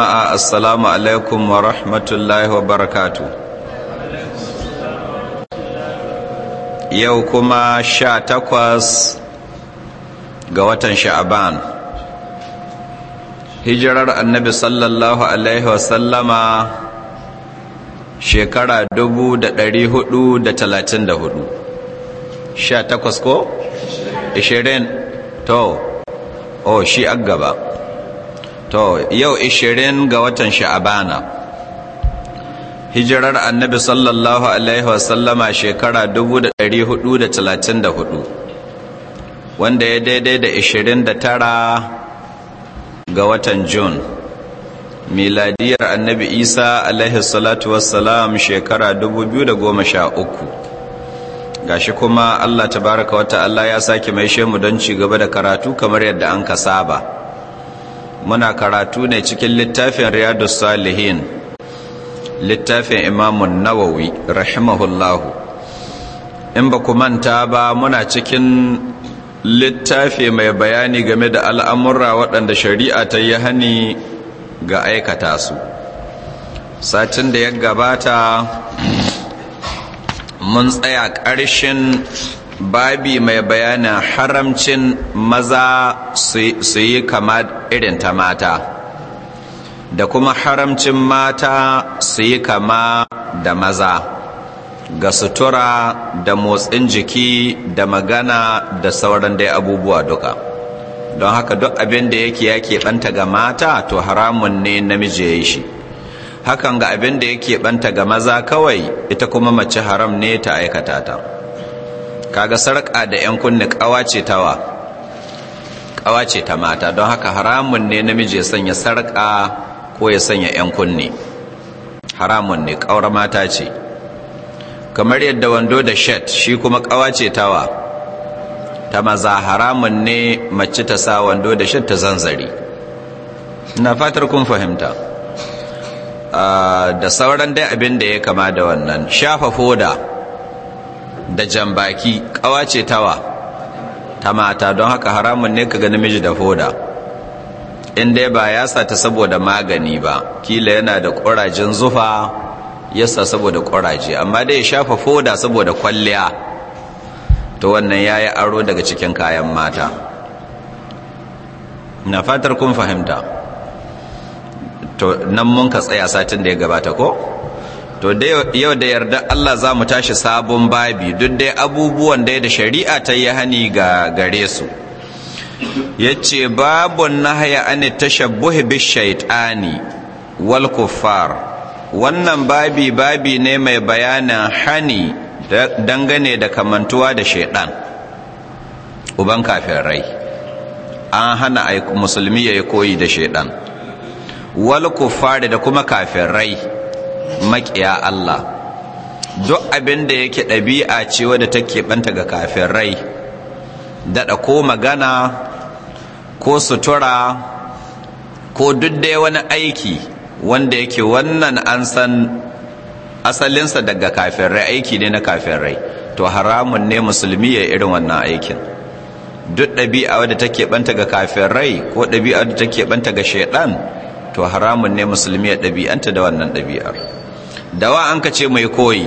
jama'a assalamu alaikum wa rahmatullahi wa barakatu yau kuma sha takwas ga watan sha'aban hijirar annabi sallallahu alaihi wasallama shekara dubu da dari hudu da talatin da hudu sha takwas ko? ishirin to oh shi agaba gaba to yau 20 ga watan sha'abana hijirar annabi sallallahu alaihi wasallama shekara 434 wanda ya daidai da 29 ga watan Jun. miladiyar annabi isa alaihi salatu wassalam shekara 2013 gashi kuma allah tabaraka wata allah ya sake mai shemu don ci gaba da karatu kamar yadda an ka saba muna karatu ne cikin littafin Riyadu salihin littafin imamun nawawi rahimahullahu in ba ku manta ba muna cikin littafi mai bayani game da al'amurra waɗanda shari'a ta yi hani ga aikata su satin da ya gabata mun tsaya ƙarshen babi mai bayanin haramcin maza su yi kama irin ta mata da kuma haramcin mata su yi kama da maza ga sutura da motsin jiki da magana da sauran dai abubuwa duka don haka duk abin da yake ya banta ga mata to haramun ne namiji ya yi shi hakan ga abin da yake banta ga maza kawai ita kuma mace haram ne ta aikata ta. kaga sarƙa da 'yan kunni ƙawa ta mata don haka haramun ne namiji ya sanya sarƙa ko ya sanya 'yan kunni haramun ne ƙaura mata ce kamar yadda wando da shet shi kuma ƙawa ce tawa ta maza haramun ne mace ta sa wando da shet ta zanzari na fatar kun fahimta ah, da sauran dai abin da ya kama da wannan shafa foda da jambaki kawa ce tawa ta mata don haka haramun ne ka ga namiji da hoda in dai ba ya sa ta saboda magani ba kila yana da ƙurajen zufa ya sa saboda ƙuraje amma dai ya shafa foda saboda kwalliya to wannan ya yi aro daga cikin kayan mata na fatar kun fahimta to nan mun ka tsaya satin da ya gabata ko? to yau da yarda Allah za mu tashi sabon babi duk dai abubuwan dai da shari'a ta yi hani ga gare su ya ce na haya an tashabbuhi bi shaitani wal kuffar wannan babi babi ne mai bayanin hani dangane da kamantuwa da shaidan uban kafin rai an hana musulmi ya yi koyi da shaidan wal kuffar da kuma kafin rai maƙiya Allah duk abin da yake ɗabi'a ce wadda take ɓanta ga kafin rai daɗa ko magana ko sutura ko duk dai wani aiki wanda yake wannan an san asalinsa daga kafin rai aiki ne na kafin rai to haramun ne musulmi ya irin wannan aikin duk ɗabi'a wadda take ɓanta ga kafin rai ko ɗabi'a wadda take ɓanta ga shaiɗan to haramun ne musulmi ya ɗabi'anta da wannan ɗabi'ar da wa an ka ce mai koyi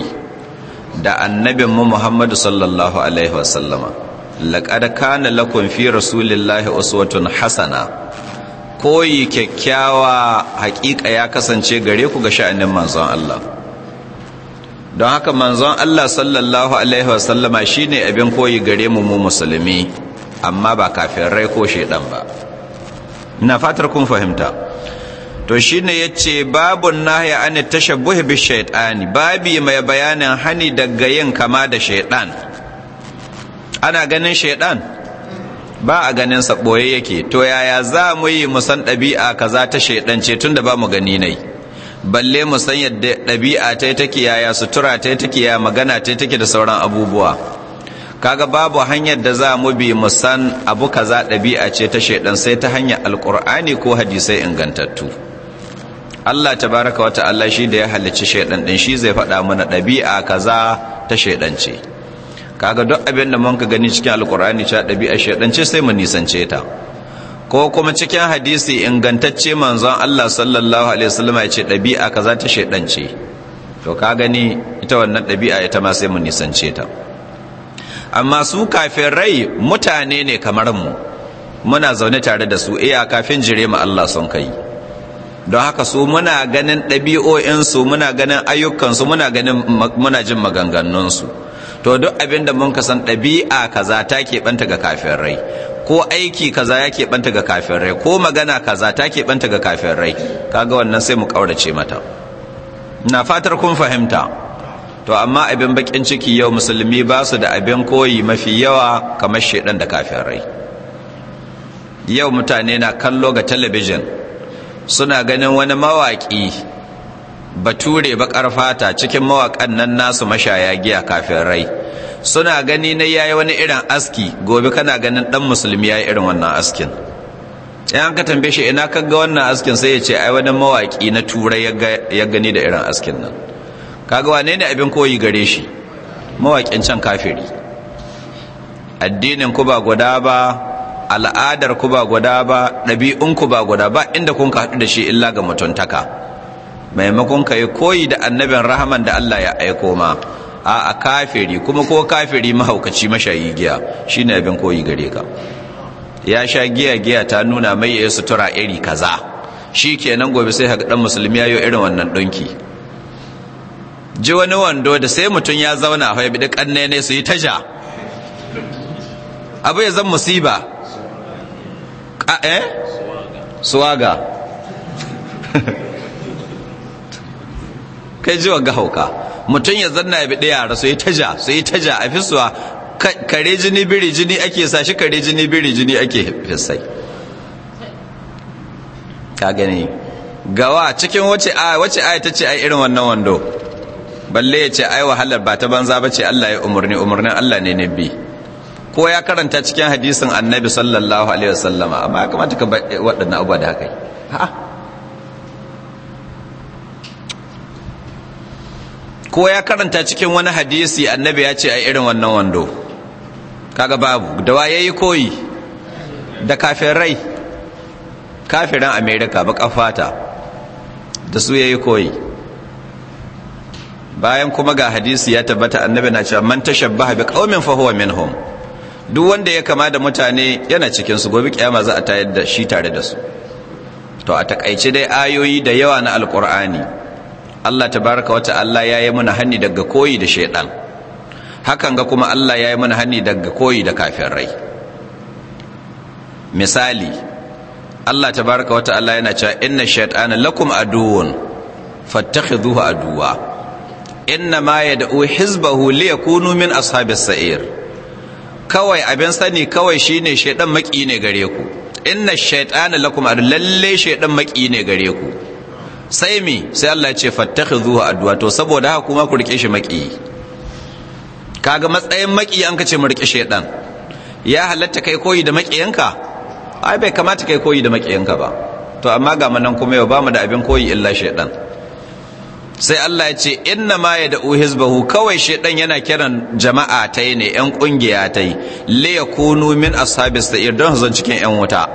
da annabin mu muhammadu sallallahu alaihi wasallama laƙada kana lakon fi rasulillahi uswatun hasana koyi kyakkyawa hakika ya kasance gare ku ga sha'anin manzon Allah don haka manzon Allah sallallahu alaihi wasallama shine abin koyi gare mu mu musulmi amma ba kafin rai ko shedan ba ina fatar kun fahimta to shi ne shine yace babun nahya an tashabbuh bi shaytani babi mai bayanin hani daga yin kama da shaytan ana ganin shaytan ba a ganin sa yake to yaya za mu yi mu san ɗabi'a kaza ta shaytan ce tun da ba mu gani nai balle mu san yadda ɗabi'a ta take yaya sutura ta take yaya magana ta take da sauran abubuwa kaga babu hanyar da za mu bi mu san abu kaza ɗabi'a ce ta shaytan sai ta hanyar alkur'ani ko hadisai ingantattu Allah tabaraka wa ta'ala shi da ya halicci shaidan din shi zai faɗa mana ɗabi'a kaza ta shaidan kaga duk abin da mun ka gani cikin alkur'ani cewa ɗabi'a shaidan sai mu nisance ta ko kuma cikin hadisi ingantacce manzon Allah sallallahu alaihi wasallam ya ce ɗabi'a kaza ta shaidan to ka gani ita wannan ɗabi'a ita ma sai mu nisance ta amma su kafin rai mutane ne kamar mu muna zaune tare da su iya kafin jire mu Allah son kai don haka su muna ganin ɗabi'o'insu muna ganin ayyukansu muna ganin muna jin maganganunsu to duk abin da mun kasan ɗabi'a kaza ta keɓanta ga kafin rai ko aiki kaza ya keɓanta ga kafin rai ko magana kaza ta keɓanta ga kafin rai kaga wannan sai mu ƙaurace mata na fatar kun fahimta to amma abin bakin ciki yau musulmi ba su da abin koyi mafi yawa kamar shaidan da kafin rai yau mutane na kallo ga talabijin suna ganin wani mawaƙi bature bakar fata cikin mawaƙan nan nasu mashaya giya kafin rai suna gani na yayi wani irin aski gobe kana ganin ɗan musulmi yayi irin wannan askin in ka tambaye shi ina ka ga wannan askin sai ya ce ai wani mawaƙi na turai ya gani da irin askin nan kaga wane ne abin koyi gare shi mawaƙin can kafiri addinin ku ba guda ba al'adar ku ba guda ba ɗabi'un ku ba guda ba inda kun ka haɗu da shi illa ga mutuntaka maimakon ka yi koyi da annabin rahaman da Allah ya aiko ma a kafiri kuma ko kafiri mahaukaci mashayi giya Shi ne abin koyi gare ka ya sha giya giya ta nuna mai ya sutura iri kaza shi ke nan gobe sai haka dan musulmi ya yi irin wannan ɗunki ji wani wando da sai mutum ya zauna a haibi duk su yi tasha abu ya zan musiba Ah, eh suwaga kai ji ga hauka mutum ya zanna ya biɗi yara su yi taja su yi taja a fisuwa kare jini biri jini ake sa shi kare jini biri jini ake fisai ka gani gawa cikin wace aya wace ta ce ai irin wannan wando balle ya ce ai wahalar ba ta banza ba ce Allah ya umarni umarnin Allah ne na bi ko ya karanta cikin hadisin annabi sallallahu alaihi wasallama amma ya kamata ka waɗannan abuwa da haka yi ko ya karanta cikin wani hadisi annabi ya ce a irin wannan wando kaga babu da waye yi koyi da kafin rai kafiran amerika baka fata da su ya yi koyi bayan kuma ga hadisi ya tabbata annabi na cewa man tashabbaha bi qaumin fa huwa minhum duk wanda ya kama da mutane yana cikin su gobe kiyama za a tayar da shi tare da su to a takaice dai ayoyi da yawa na alkur'ani Allah tabaraka wa ta'ala ya yi mana hanni daga koyi da shaidan hakan ga kuma Allah ya yi mana hanni daga koyi da kafin rai misali Allah tabaraka wa ta'ala yana cewa inna shaytana lakum aduwwun fattakhidhuhu aduwa inna ma yad'u hizbahu liyakunu min ashabis sa'ir kawai abin sani kawai shine shaidan maki ne gare ku inna shaidana lakum adu lalle shaidan maki ne gare ku sai mi sai Allah ya ce zuwa addu'a to saboda haka kuma ku rike shi maki kaga matsayin maki an ka ce mu rike shaidan ya halatta kai koyi da makiyanka ai bai kamata kai koyi da makiyanka ba to amma ga manan kuma yau bamu da abin koyi illa shaidan sai Allah ya ce inna ma ya da'u hizbahu kawai shedan yana kiran jama'a ta yi ne yan kungiya ta yi li yakunu min ashabis sa'ir don zan cikin yan wuta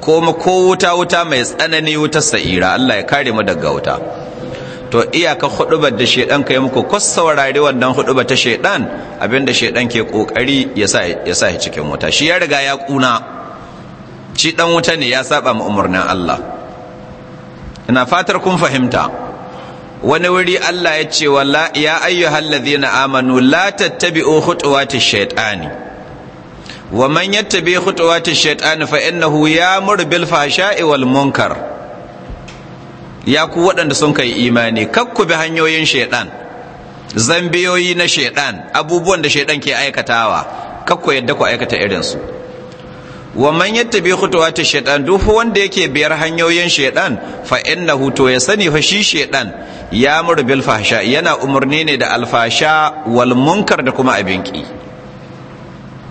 kuma ko wuta wuta mai tsanani wuta sa'ira Allah ya kare mu daga wuta to iyaka hudubar da shedan kai muku ko saurari wannan hudubar ta shedan abinda shedan ke kokari ya sa ya shi cikin wuta shi ya riga ya kuna shi dan wuta ne ya saba mu umurnin Allah ina fatar kun fahimta wani wuri Allah ya ce ya ya ayyuhal na amanu la tattabi'u ta shaitani wa man yattabi ta shaitani fa innahu ya'muru murbil fahsha'i wal munkar ya ku waɗanda sun kai imani kakku bi hanyoyin shaitan zambiyoyi na shaiɗan, abubuwan da shaiɗan ke aikatawa kakku yadda ku aikata irinsu. su wa man yattabi khutuwati shaytan duk wanda yake biyar hanyoyin shaytan fa innahu to ya sani fa shi shaytan ya mur bil fahsha yana umurni ne da alfasha wal munkar da kuma abin ki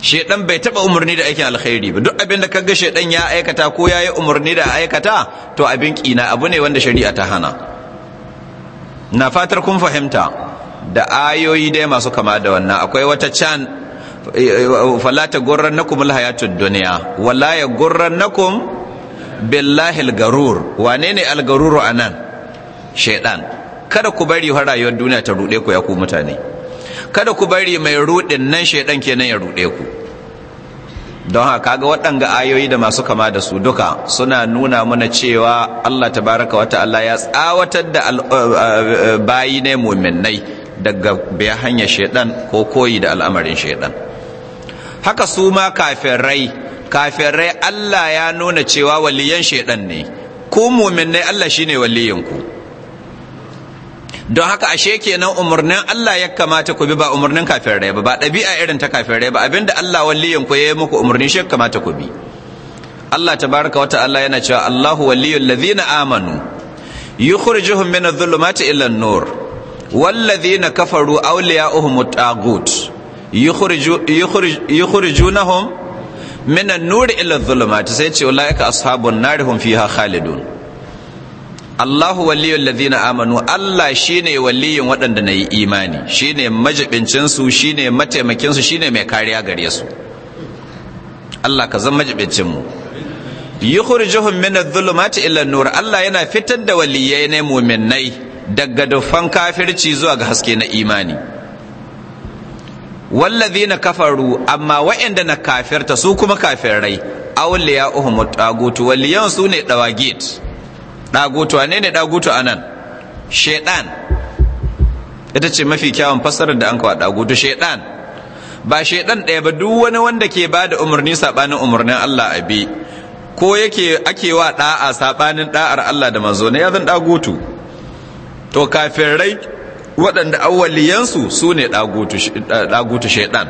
shaytan bai taba umurni da aikin alkhairi ba duk abin da kaga shaytan ya aikata ko yayi umurni da aikata to abin na abu ne wanda shari'a ta hana na fatar kun fahimta da ayoyi dai masu kama da wannan akwai wata can fala ta gurrannakum alhayatud dunya wala ya nakum billahi algarur wane ne algaruru anan shaydan kada ku bari har rayuwar duniya ta rude ku ya ku mutane kada ku bari mai rudin nan shaydan kenan ya rude ku don haka kaga waɗanga ayoyi da masu kama da su duka suna nuna mana cewa Allah tabaraka wa ta'ala ya tsawatar da eh, eh, bayi ne mu'minnai daga bayan hanyar shaidan ko koyi da al'amarin shaidan haka su ma kafirai kafirai Allah ya nuna cewa waliyan shaidan ne ku mumin ne Allah shine waliyanku don haka ashe kenan umarnin Allah ya kamata ku bi ba umarnin kafirai ba ba ɗabi'a irin ta kafirai ba abinda Allah waliyanku ya yi muku umarnin shi kamata ku bi Allah tabaraka wa ta'ala yana cewa Allahu waliyul ladhina amanu yukhrijuhum min adh-dhulumati ila an-nur wal kafaru Auliya uhu taghut yukhrijunahum min an-nur ila adh-dhulumat sai ce ulaika ashabun nar hum fiha khalidun Allahu waliyul ladina amanu Allah shine waliyin waɗanda na yi imani shine majibincin su shine mataimakin su shine mai kariya gare su Allah ka zama majibincin mu yukhrijuhum min adh-dhulumati ila an-nur Allah yana fitar da waliyai ne mu'minai daga dufan kafirci zuwa ga haske na imani wallazina kafaru amma wa'anda na kafirta su kuma kafirai awliya uhum tagutu waliyan su ne dawagit dagutu wane ne a nan? shedan ita ce mafi kyawun fassarar da an kawo ɗagutu- shedan ba shedan ɗaya ba duk wani wanda ke ba da umarni saɓanin umarnin Allah a bi ko yake ake wa ɗa'a, saɓanin ɗa'ar Allah da manzo ne ya zan ɗagutu? to kafirai waɗanda awwaliyansu su ne ɗagutu shaiɗan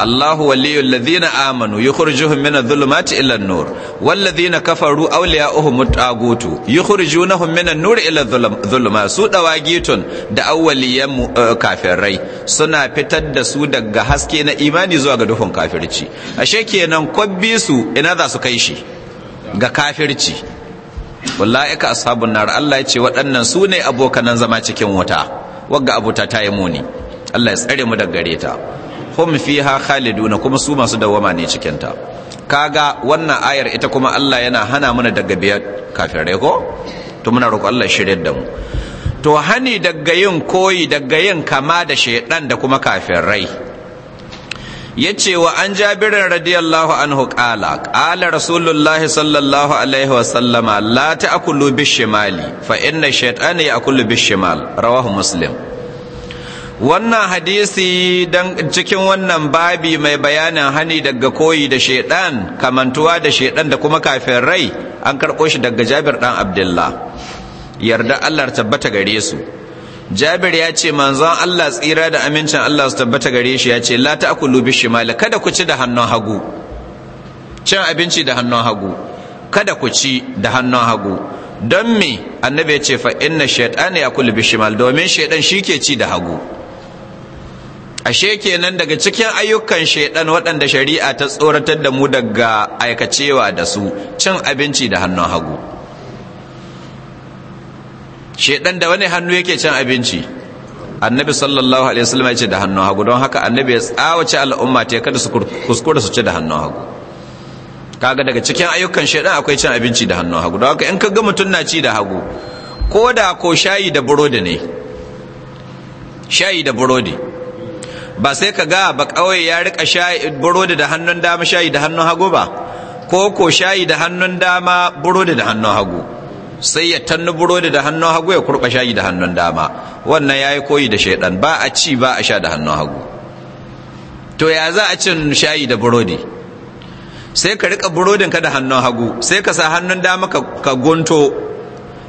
الله ولي الذين آمنوا يخرجهم من الظلمات إلى النور والذين Yi أولياؤهم الطاغوت يخرجونهم من nur ila الظلمات su gitun da awwaliyan eh, kafirai suna fitar da su daga haske na imani zuwa ga duhun kafirci ashe kenan kwabbi su ina za su kai shi ga kafirci wallaika ashabun nar Allah ya ce waɗannan su ne abokanan zama cikin wuta wagga abuta ta yi muni Allah ya tsare mu da gare ta hum fiha khaliduna kuma su masu dawama ne cikin ta kaga wannan ayar ita kuma Allah yana hana mana daga biyar kafirai ko to muna roƙo Allah shirye da mu to hani daga yin koyi daga yin kama da shaidan da kuma kafirai yace wa an jabirin radiyallahu anhu qala qala rasulullahi sallallahu alaihi wa sallama la ta'kulu bishimali fa inna shaytana ya'kulu bishimal rawahu muslim wannan hadisi dan cikin wannan babi mai bayanin hani daga koyi da shaytan kamantuwa da shaytan da kuma kafin rai an karɓo shi daga jabir dan abdullah yarda Allah tabbata gare su jabir ya ce manzon Allah tsira da amincin Allah su tabbata gare shi ya ce la ta'kulu bishimali kada ku ci da hannun hagu cin abinci da hannun hagu kada ku ci da hannun hagu don me annabi ya ce fa inna a yakulu bishimal domin shi ke ci da hagu ashe kenan daga cikin ayyukan shaydan waɗanda shari'a ta tsoratar da mu daga aikacewa da su cin abinci da hannun hagu shedan da wani hannu yake cin abinci annabi sallallahu alaihi wasallam ya ce da hannun hagu don haka annabi ya tsawace al'umma ta kada su kuskura su ci da hannun hagu kaga daga cikin ayyukan shedan akwai cin abinci da hannun hagu don haka in ka ga mutum na ci da hagu ko da ko shayi da burodi ne shayi da burodi ba sai ka ga ba kawai ya rika burodi da hannun dama shayi da hannun hagu ba ko ko shayi da hannun dama burodi da hannun hagu sai ya tannu burodi da hannun hagu ya kurba shayi da hannun dama wannan ya yi koyi da shaidan ba a ci ba a sha da hannun hagu to ya za a cin shayi da burodi sai ka rika burodin ka da hannun hagu sai ka sa hannun dama ka gunto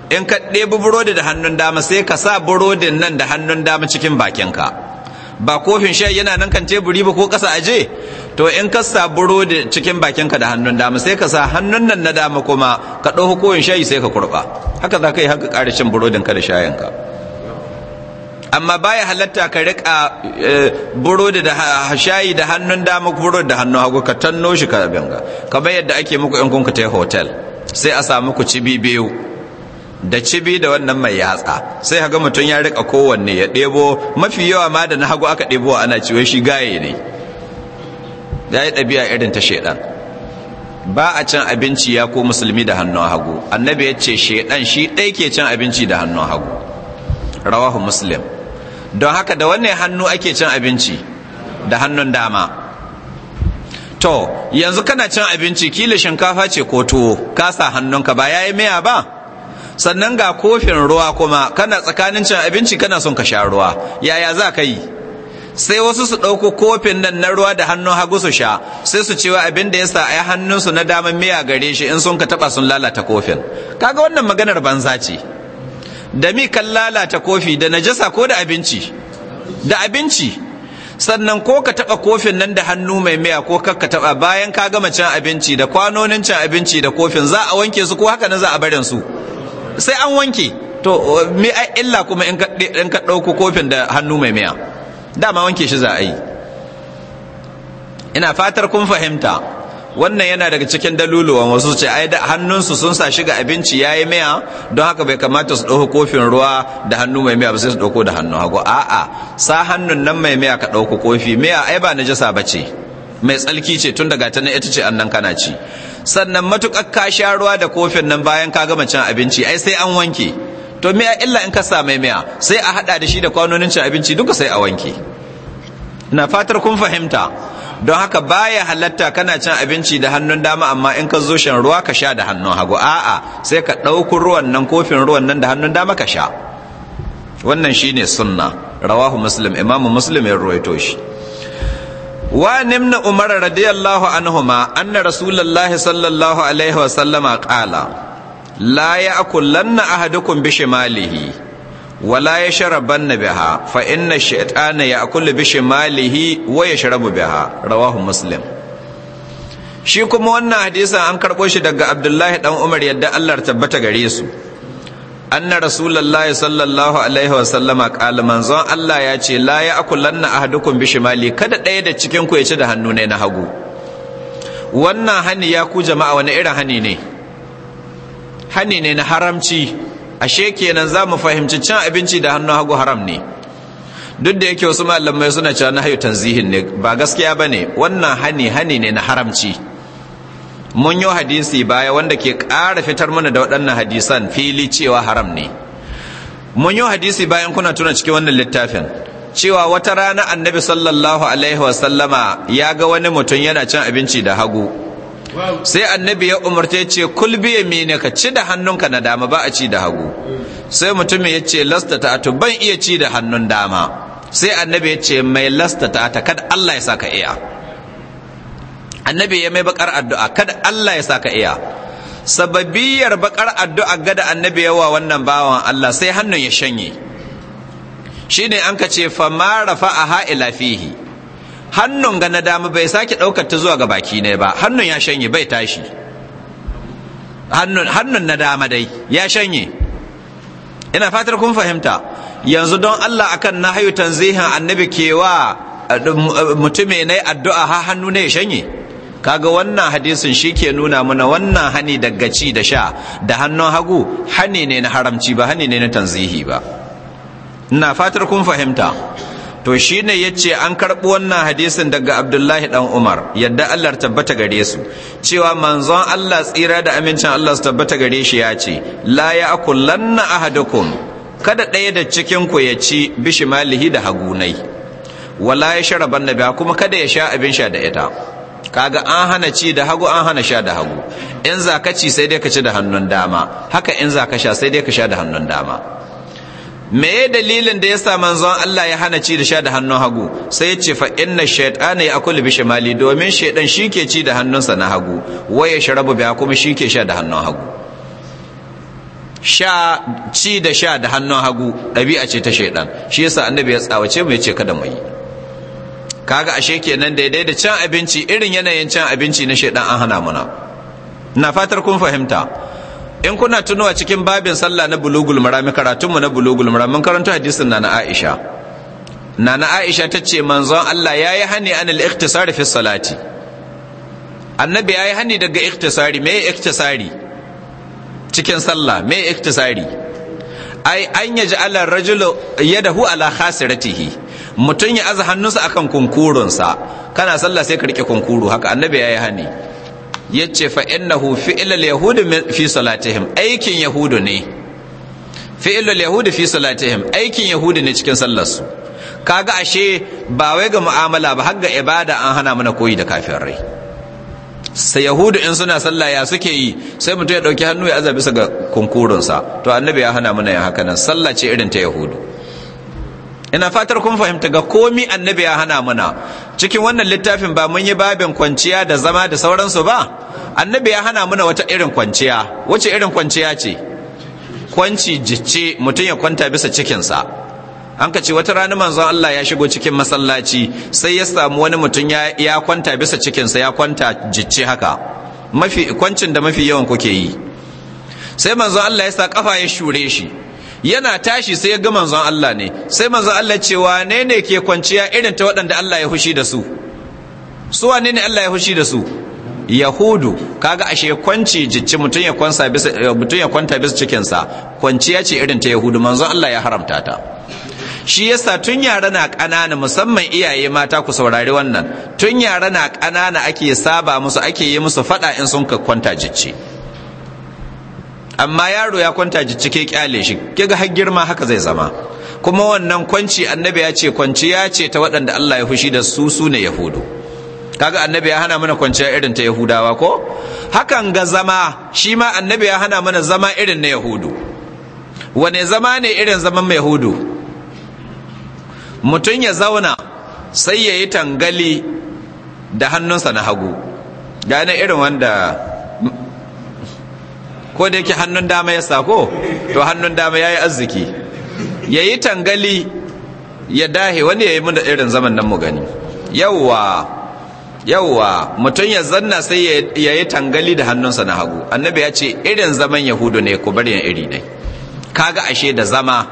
in ka ɗebi burodi da hannun dama sai ka sa burodin nan da hannun dama cikin bakinka ba kofin shayi yana nan kan teburi ba ko ƙasa aje to in ka sa burodi cikin bakinka da hannun dama sai ka sa hannun nan na dama kuma ka ɗau koyin shayi sai ka kurɓa haka za ka yi haka ƙara cin burodinka da ka amma baya halatta ka riƙa eh, burodi da shayi da hannun dama burodi da hannun hagu ka tanno shi ka binga bai yadda ake muku in kun ka ta hotel sai a sa muku cibi biyu da cibi da wannan mai yatsa sai haga mutum ya rika kowanne ya ɗebo mafi yawa ma da na hagu aka ɗebo ana ciwo shi gaye ne da ya ɗabi'a irin ta shaidan ba a cin abinci ya ko musulmi da hannun hagu annabi ya ce shaidan shi ɗai ke cin abinci da hannun hagu rawahu muslim don haka da wannan hannu ake cin abinci da hannun dama to yanzu kana cin abinci kila shinkafa ce ko tuwo kasa sa hannunka ba ya yi miya ba sannan ga kofin ruwa kuma kana tsakanin cin abinci kana son ka sha ruwa yaya za ka yi sai wasu su ɗauko kofin nan na ruwa da hannun hagu su sha sai su cewa abin da ya sa a hannunsu na daman miya gare shi in sun ka taɓa sun lalata kofin kaga wannan maganar banza ce da mi kan lalata kofi da najasa ko da abinci da abinci sannan ko ka taɓa kofin nan da hannu mai miya ko ka taɓa bayan ka gama cin abinci da kwanonin cin abinci da kofin za a wanke su ko haka nan za a barin su sai an wanke to me illa kuma in ka ɗauko kofin da hannu mai miya dama wanke shi za a yi ina fatar kun fahimta wannan yana daga cikin daluluwan wasu ce ai hannunsu sun sa shiga abinci ya yi miya don haka bai kamata su ɗauko kofin ruwa da hannu mai miya ba sai su ɗauko da hannu hagu a'a sa hannun nan mai miya ka ɗauko kofi miya ai ba najasa ba ce mai tsalki ce tun daga ta ita ce annan kana ci sannan matukar ka sha ruwa da kofin nan bayan ka gama cin abinci ai sai an wanke to me illa in ka sa mai miya sai a hada da shi da kwanonin cin abinci duka sai a wanke ina fatar kun fahimta don haka baya halatta kana cin abinci da hannun dama amma in ka zo shan ruwa ka sha da hannun hagu a'a sai ka ɗauki ruwan nan kofin ruwan nan da hannun dama ka sha wannan shine sunna rawahu muslim Imam muslim ya ruwaito shi wa nimna umar radiyallahu anhuma anna rasulullahi sallallahu alaihi wa sallama qala la ya'kulanna ahadukum bi shimalihi wala yashrabanna biha fa inna ya shaytana ya'kulu bi shimalihi wa biha rawahu muslim shi kuma wannan hadisin an karbo shi daga Abdullahi dan Umar yadda Allah tabbata gare su anna rasulullahi sallallahu alaihi wa sallama qala manzon Allah ya ce la ya ya'kulanna ahadukum bi shimali kada ɗaya da cikin ku ya ci da hannu ne na hagu wannan hani ya ku jama'a wani irin hani ne hani ne na haramci ashe kenan za mu fahimci cin abinci da hannun hagu haram ne duk da yake wasu malamai suna cewa na hayu tanzihin ne ba gaskiya ba ne wannan hani hani ne na haramci mun yi hadisi baya wanda ke ƙara fitar mana da waɗannan hadisan fili cewa haram ne mun yi hadisi bayan kuna tuna cikin wannan littafin cewa wata rana annabi sallallahu alaihi wasallama ya ga wani mutum yana cin abinci da hagu sai annabi ya umarta ce kul bi yamine ka ci da hannunka na dama ba a ci da hagu sai mutumin ya ce lasta ta to ban iya ci da hannun dama sai annabi ya ce mai lasta ta ta kada Allah ya saka iya annabi ya mai bakar addu'a kada Allah ya saka iya sababiyar bakar addu'a gada annabi yawa wannan bawan Allah sai hannun ya shanye shine an ka ce fa ma aha ila fihi hannun ga na dama bai sake ɗaukar ta zuwa ga baki ne ba hannun ya shanye bai tashi hannun na dama dai ya shanye ina fatar kun fahimta yanzu don Allah akan na hayu tanzihin annabi kewa eh, eh, mutume ne addu'a ha hannu ne ya shanye kaga wannan hadisin shi ke nuna mana wannan hani daga ci da sha da hannun hagu hani ne na haramci ba hani ne na tanzihi ba ina fatar kun fahimta to shi ne ya ce an karɓi wannan hadisin daga Abdullahi ɗan Umar yadda Allah tabbata gare su cewa manzon Allah tsira da amincin Allah su tabbata gare shi ya ce la ya ya'kulanna ahadukum kada ɗaya da cikin ku ya ci bishimalihi da hagunai wala ya na biya kuma kada ya sha abin sha da ita kaga an hana ci da hagu an hana sha da hagu in za ka ci sai dai ka ci da hannun dama haka in za ka sha sai dai ka sha da hannun dama me dalilin da ya yasa manzon Allah ya hana ci da sha da hannun hagu sai ya ce fa inna shaytana ya akulu bi shimali domin shaydan shike ci da hannunsa na hagu waye sharabu biya kuma shike sha da hannun hagu sha ci da sha da hannun hagu ɗabi'a ce ta shaydan shi yasa annabi ya tsawace mu ya ce kada mu yi kaga ashe kenan daidai da cin abinci irin yanayin cin abinci na shaydan an hana muna na fatar kun fahimta in kuna tunowa cikin babin sallah na bulugul marami karatunmu na bulugul marami mun karanta hadisin na na aisha na na aisha ta ce manzon allah ya yi hani an al'iktisari fi salati annabi ya yi hani daga ikhtisari me ikhtisari cikin sallah me ikhtisari ai an yaji ala rajulu hu ala khasiratihi mutum ya aza hannunsa akan kunkurunsa kana sallah sai ka rike kunkuru haka annabi ya yi hani yace fa innahu fi'lul Yahudu fi salatihim aikin yahudu ne fi'lul Yahudu fi salatihim aikin yahudu ne cikin sallarsu kaga ashe ba wai ga mu'amala ba har ga ibada an hana mana koyi da kafirai sai yahudu in suna sallah ya suke yi sai mutum ya dauki hannu ya azabi bisa ga kunkurinsa to annabi ya hana mana yin haka nan sallah ce irin ta yahudu ina fatar kun fahimta ga komi annabi ya hana muna cikin wannan littafin ba mun yi babin kwanciya da zama da sauransu ba annabi ya hana muna wata irin kwanciya wace irin kwanciya ce kwanci jice mutum ya kwanta bisa cikinsa an ka ce wata rana manzon Allah ya shigo cikin masallaci sai ya samu wani mutum ya, kwanta bisa cikinsa ya kwanta jice haka mafi kwancin da mafi yawan kuke yi sai manzon Allah ya sa kafa ya shure shi yana tashi sai ya ga manzon Allah ne sai manzon Allah ce ne ne ke kwanciya irin ta waɗanda Allah ya hushi da su su wane ne Allah ya hushi da su yahudu kaga ashe kwanci jicci mutum ya kwanta bisa mutum ya kwanta bisa cikin sa kwanciya ce irin ta yahudu manzon Allah ya haramta ta shi yasa tun yara na ƙanana musamman iyaye mata ku saurari wannan tun yara na ƙanana ake saba musu ake yi musu fada in sun ka kwanta jicci amma yaro ya kwanta jicike kyale shi kiga har girma haka zai zama kuma wannan kwanci annabi ya ce kwanci ya ce ta waɗanda Allah ya fushi da su su ne yahudu kaga annabi ya hana mana kwanciya irin ta yahudawa ko hakan ga zama shi ma annabi ya hana mana zama irin na yahudu wane zama ne irin zaman mai yahudu mutum ya zauna sai ya yi tangali da hannunsa na hagu gane irin wanda ko da yake hannun dama ya sako to hannun dama ya yi arziki ya yi tangali ya dahe wani ya yi muna irin zaman nan mu gani yawwa yauwa mutum ya zanna sai ya yi tangali da hannunsa na hagu annabi ya ce irin zaman yahudu ne ku bari iri ne kaga ashe da zama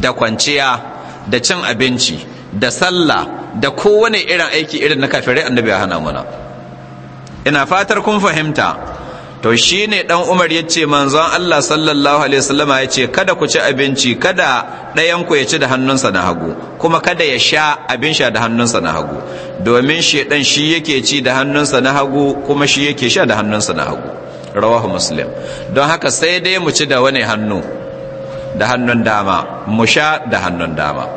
da kwanciya da cin abinci da sallah da kowane irin aiki irin na kafirai annabi ya hana muna ina fatar kun fahimta to shi ne ɗan umar ya ce manzon Allah sallallahu alaihi wasallama ya ce kada ku ci abinci kada ɗayanku ya ci da hannunsa na hagu kuma kada ya sha abin sha da hannunsa na hagu domin ɗan shi yake ci da hannunsa na hagu kuma shi yake sha da hannunsa na hagu rawahu muslim don haka sai dai mu ci da wani hannu da hannun dama mu sha da hannun dama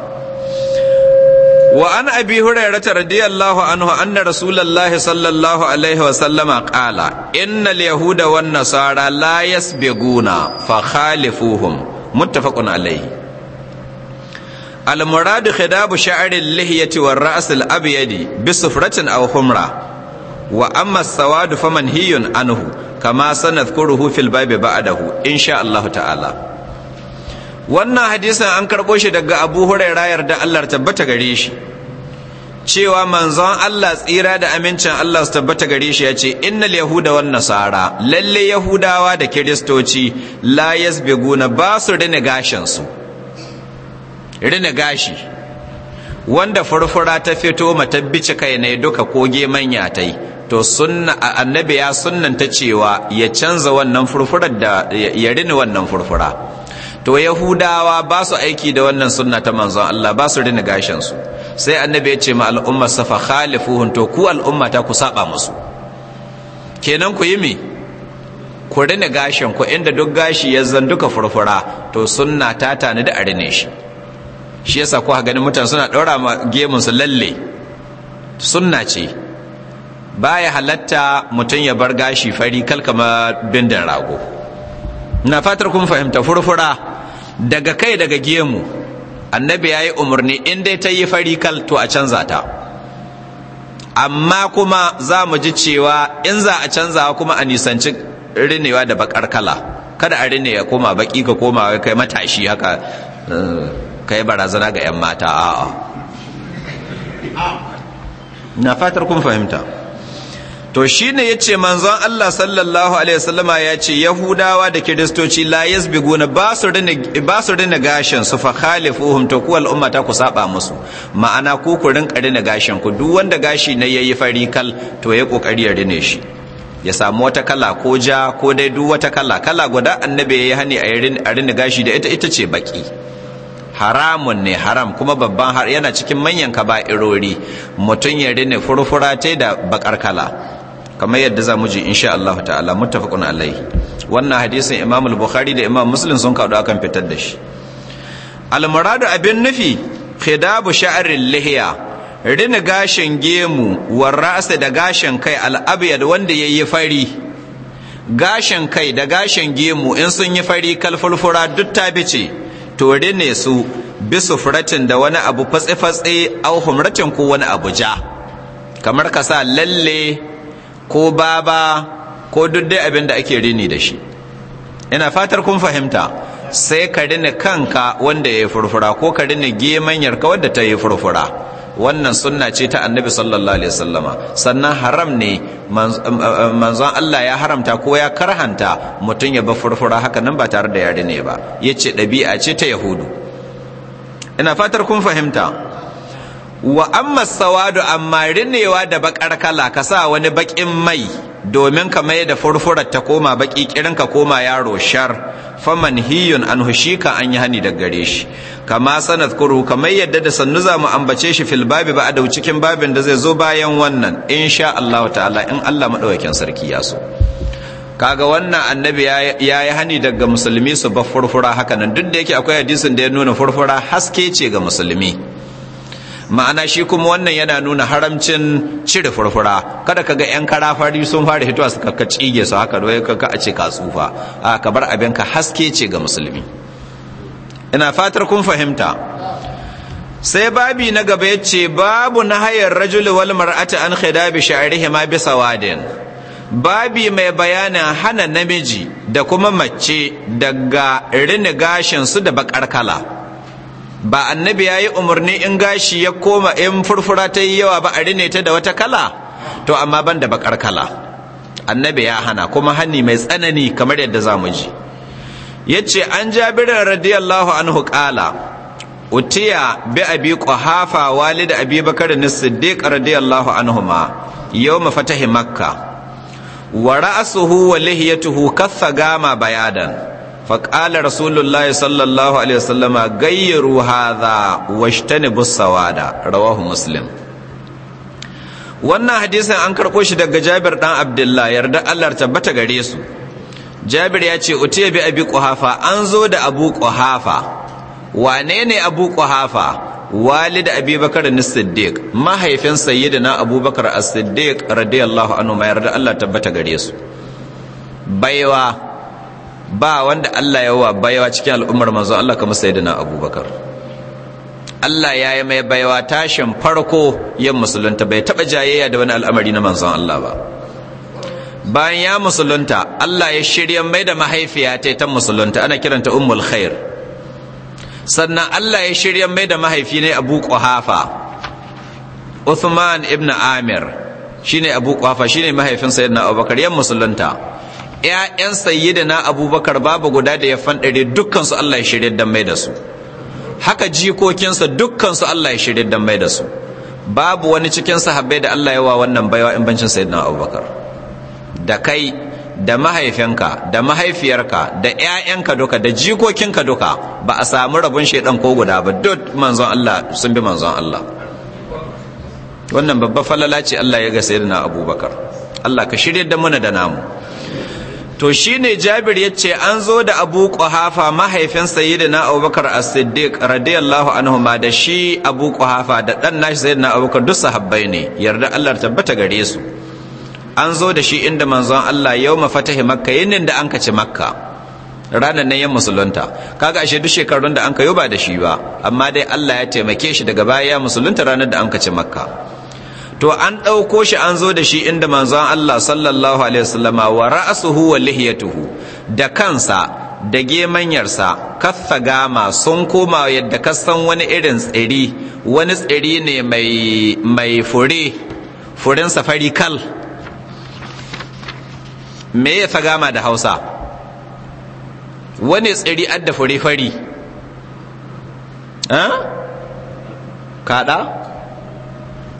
wa an abi hurairata radiyallahu anhu anna rasulullahi sallallahu alaihi wa sallama qala innal yahuda wan nasara la yasbiguna fa khalifuhum muttafaqun alaihi al murad khidabu sha'r al lihyati war ra's abyadi bi sufratin aw humra wa amma as-sawad anhu kama sanad sanadhkuruhu fil babi dahu insha Allah ta'ala wannan hadisin an karɓo shi daga abu huraira yarda allah tabbata gare shi cewa manzon allah tsira da amincin allah su tabbata gare shi ya ce inna yahuda wan nasara lalle yahudawa da kiristoci la yasbiguna ba su rina gashin su rina gashi wanda furfura ta fito matabbici kai ne duka koge manya ta yi to sunna annabi ya sunnanta cewa ya canza wannan furfurar da ya rini wannan furfura to yahudawa ba su aiki da wannan sunna ta manzon Allah ba su rina gashin su sai annabi ya ce ma al'umma safa khalifuhun to ku al'umma ta ku saba musu kenan ku yi me ku rina gashin ku inda duk gashi ya zan duka furfura to sunna ta tani da arine shi shi yasa ku ganin mutane suna ɗora ma gemun su lalle sunna ce baya halatta mutum ya bar gashi fari kalkama bindin rago na fatar kun fahimta furfura daga kai daga gemu annabi ya yi umarni in dai ta yi fari kal a canza ta amma kuma za mu ji cewa in za a canzawa kuma a nisanci rinewa da bakar kala kada a rine ya koma baki ka koma kai matashi haka eh, kai barazana ga 'yan mata a'a na fatar kun fahimta to shi ne ya yace manzon Allah sallallahu alaihi wasallama ce yahudawa da kiristoci la yasbiguna ba su rina gashin su fa khalifuhum to al'umma ta ku saba musu ma'ana ku ku rinka rina gashin ku duk wanda gashi na yayi fari kal to ya kokari ya rine shi ya samu wata kala ko ja ko dai duk wata kala kala guda annabi yayi hani a rina gashi da ita ita ce baki haramun ne haram kuma babban har yana cikin manyan kaba'irori mutum ya rine furfura da bakar kala kamar yadda za mu ji insha Allah ta'ala muttafaqun alaihi wannan hadisin Imam al-Bukhari da Imam Muslim sun kaɗu akan fitar da shi al-muradu abin nufi khidabu sha'ril lihiya rin gashin gemu warra'asa da gashin kai al-abyad wanda yayi fari gashin kai da gashin gemu in sun yi fari kalfulfura duk ta bice to rine su bisu furatin da wani abu fatsi-fatsi au humratin ko wani abu ja kamar ka sa lalle ko baba ko duk dai abin da ake rini da shi ina fatar kun fahimta sai ka rini kanka wanda ya yi furfura ko ka rini gemanyarka wadda ta yi furfura wannan sunna ce ta annabi sallallahu alaihi wasallama sannan haram ne um, um, um, manzon Allah ya haramta ko ya karhanta mutum ya ba furfura haka nan ba tare da yare ne ba yace dabi'a ce ta yahudu ina fatar kun fahimta wa amma sawadu amma rinewa da bakar kala ka sa wani bakin mai domin ka mai da furfurar ta koma baki kirin ka koma yaro shar faman hiyun an hushika an yi hani da gare shi kama sanad kuru kamar yadda da sannu za mu ambace shi fil babi ba da cikin babin da zai zo bayan wannan insha Allah ta'ala in Allah madaukakin sarki ya so kaga wannan annabi ya yi hani daga musulmi su ba furfura nan duk da yake akwai hadisin da ya nuna furfura haske ce ga musulmi ma'ana shi kuma wannan yana nuna haramcin cire furfura kada ka ga yan kara fari sun fara hito su kakka cige su haka doye kakka a ce ka tsufa a ka bar abin ka haske ce ga musulmi ina fatar kun fahimta sai babi na gaba ya ce babu na hayar rajul wal mar'ati an khida bi sha'rihi ma bi sawadin babi mai bayanin hana namiji da kuma mace daga rinigashin su da bakar kala ba annabi ya yi umarni in gashi ya koma in furfura ta yi yawa ba a rine ta da wata kala to amma ban da bakar kala annabi ya hana kuma hanni mai tsanani kamar yadda za mu ji ya ce an jabirin radiyallahu anhu kala utiya bi abi kuhafa walid abi bakar ni radiyallahu anhuma ma fatahi makka wa ra'asuhu wa lihiyatuhu katha gama bayadan faƙala rasulullahi sallallahu alaihi wasallama gayyaru hadha washtani busawada rawahu muslim wannan hadisin an karɓo shi daga jabir ɗan abdullah yarda allah bata gare su jabir ya ce utiya bi abi an zo da abu quhafa wane ne abu quhafa walid abubakar na siddiq mahaifin sayyidina abubakar as-siddiq radiyallahu anhu ma yarda Allah bata gare su baiwa ba wanda Allah ya wa bayawa cikin al'ummar manzo Allah kamar sayyidina Abubakar Allah ya yi mai bayawa tashin farko yin musulunta bai taba jayayya da wani al'amari na manzon Allah ba bayan ya musulunta Allah ya shirya mai da mahaifiya ta ta musulunta ana kiranta ummul khair sannan Allah ya shirya mai da mahaifi ne Abu Quhafa Uthman ibn Amir shine Abu Quhafa shine mahaifin sayyidina Abubakar yan musulunta ‘ya'yan na abubakar babu guda da ya fanɗare dukkansu Allah ya shirya dan mai da su haka jikokinsa dukkansu Allah ya shirya dan mai da su babu wani cikin sahabbai da Allah ya wa wannan baiwa in bancin sayyidina abubakar da kai da mahaifinka da mahaifiyarka da 'ya'yanka duka da jikokinka duka ba a samu rabin shaidan ko guda ba duk manzon Allah sun bi manzon Allah wannan babba falala ce Allah ya ga na abubakar Allah ka shirya da muna da namu to shi ne jabir ya ce an zo da abu kuhafa mahaifin sayyidina abubakar as-siddiq radiyallahu anhu ma da shi abu kuhafa da dan nashi sayyidina abubakar duk sahabbai ne yarda Allah tabbata gare su an zo da shi inda manzon Allah yau fatahi makka yinin da an kaci makka ranar nan yan musulunta kaga ashe duk shekarun da an kayo ba da shi ba amma dai Allah ya taimake shi daga baya ya musulunta ranar da an kaci makka to an ɗauko shi an zo da shi inda manzon Allah sallallahu alaihi wasallam wa ra'suhu wa lihiyatuhu da kansa da gemanyarsa kaffa gama sun koma yadda kasan wani irin tsiri wani tsiri ne mai mai fure furin safari kal me ya gama da Hausa wani tsiri adda fure fari kada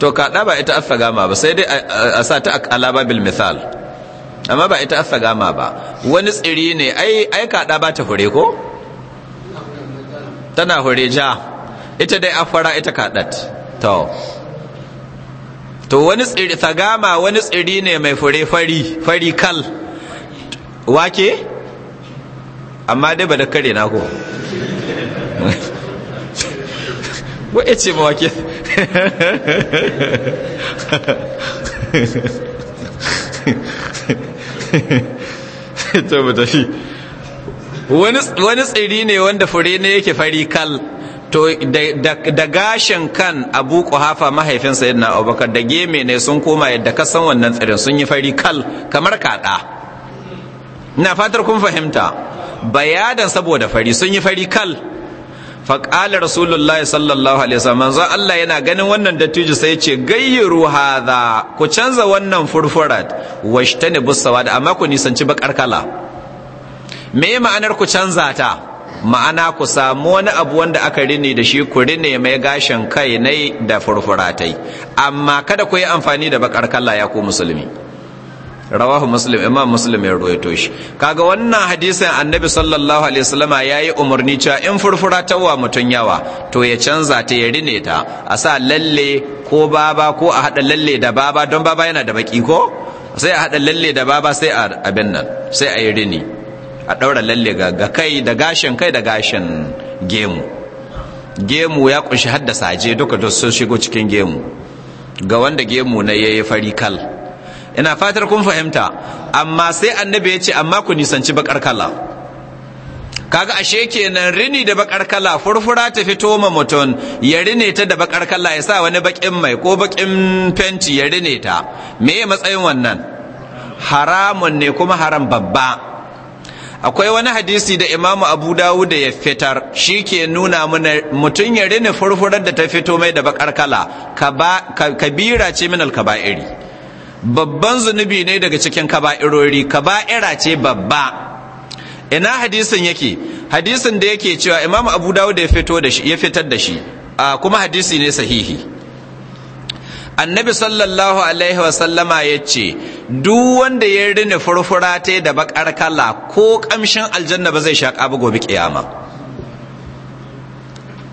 to kaɗa ba ita gama ba sai dai a sa ta alababil misal amma ba ita gama ba wani tsiri ne ai kaɗa ba ta hure ko tana hure ja ita dai afara ita kaɗat to to wani tsiri sagama wani tsiri ne mai fure fari fari kal wake amma dai ba da kare na ko ce wani tsiri ne wanda fure ne yake fari kal to da gashin kan abu kuhafa mahaifinsa yadda abubakar da geme ne sun koma yadda ka san wannan tsirin sun yi fari kal kamar kaɗa na fatar kun fahimta bayadan saboda fari sun yi fari kal faƙalar rasulullah sallallahu alaihi wasallam manzon Allah yana ganin wannan dattijo sai ce gayyaru hadha ku canza wannan furfurat washtani busawad amma ku nisanci bakar kala me ma'anar ku canza ta ma'ana ku samu wani abu wanda aka rine da shi ku rine mai gashin kai nai da furfuratai amma kada ku yi amfani da bakar kala ya ku musulmi rawahu muslim imam muslim ya ruwaito shi kaga wannan hadisin annabi sallallahu alaihi wasallama yayi umarni cewa in furfura tawwa mutum mutun yawa to ya canza ta ya rine ta a sa lalle ko baba ko a hada lalle da baba don baba yana da baki ko sai a hada lalle da baba sai a abin nan sai a yi rini a daura lalle ga kai da gashin kai da gashin gemu gemu ya kunshi haddasa saje duka duk sun shigo cikin gemu ga wanda gemu na yayi fari kal ina fatar kun fahimta amma sai annabi ya ce amma ku nisanci bakar kala kaga ashe kenan rini da bakar kala furfura ta fito ma mutum ya rine ta da bakar kala ya sa wani bakin mai ko bakin fenti ya rine ta me ya matsayin wannan haramun ne kuma haram babba akwai wani hadisi da imamu abu dawud da ya fitar shi ke nuna mana mutum ya rini furfurar da ta fito mai da bakar kala kabira ce min alkaba'iri babban zunubi ne daga cikin kaba'irori kaba'ira ce babba ina hadisin yake hadisin da yake cewa Imam abu dawud ya fito da shi ya fitar da shi kuma hadisi ne sahihi annabi sallallahu alaihi wasallama ya ce duk wanda ya rini furfura ta da bakar kala ko kamshin aljanna ba zai shaƙa ba gobe kiyama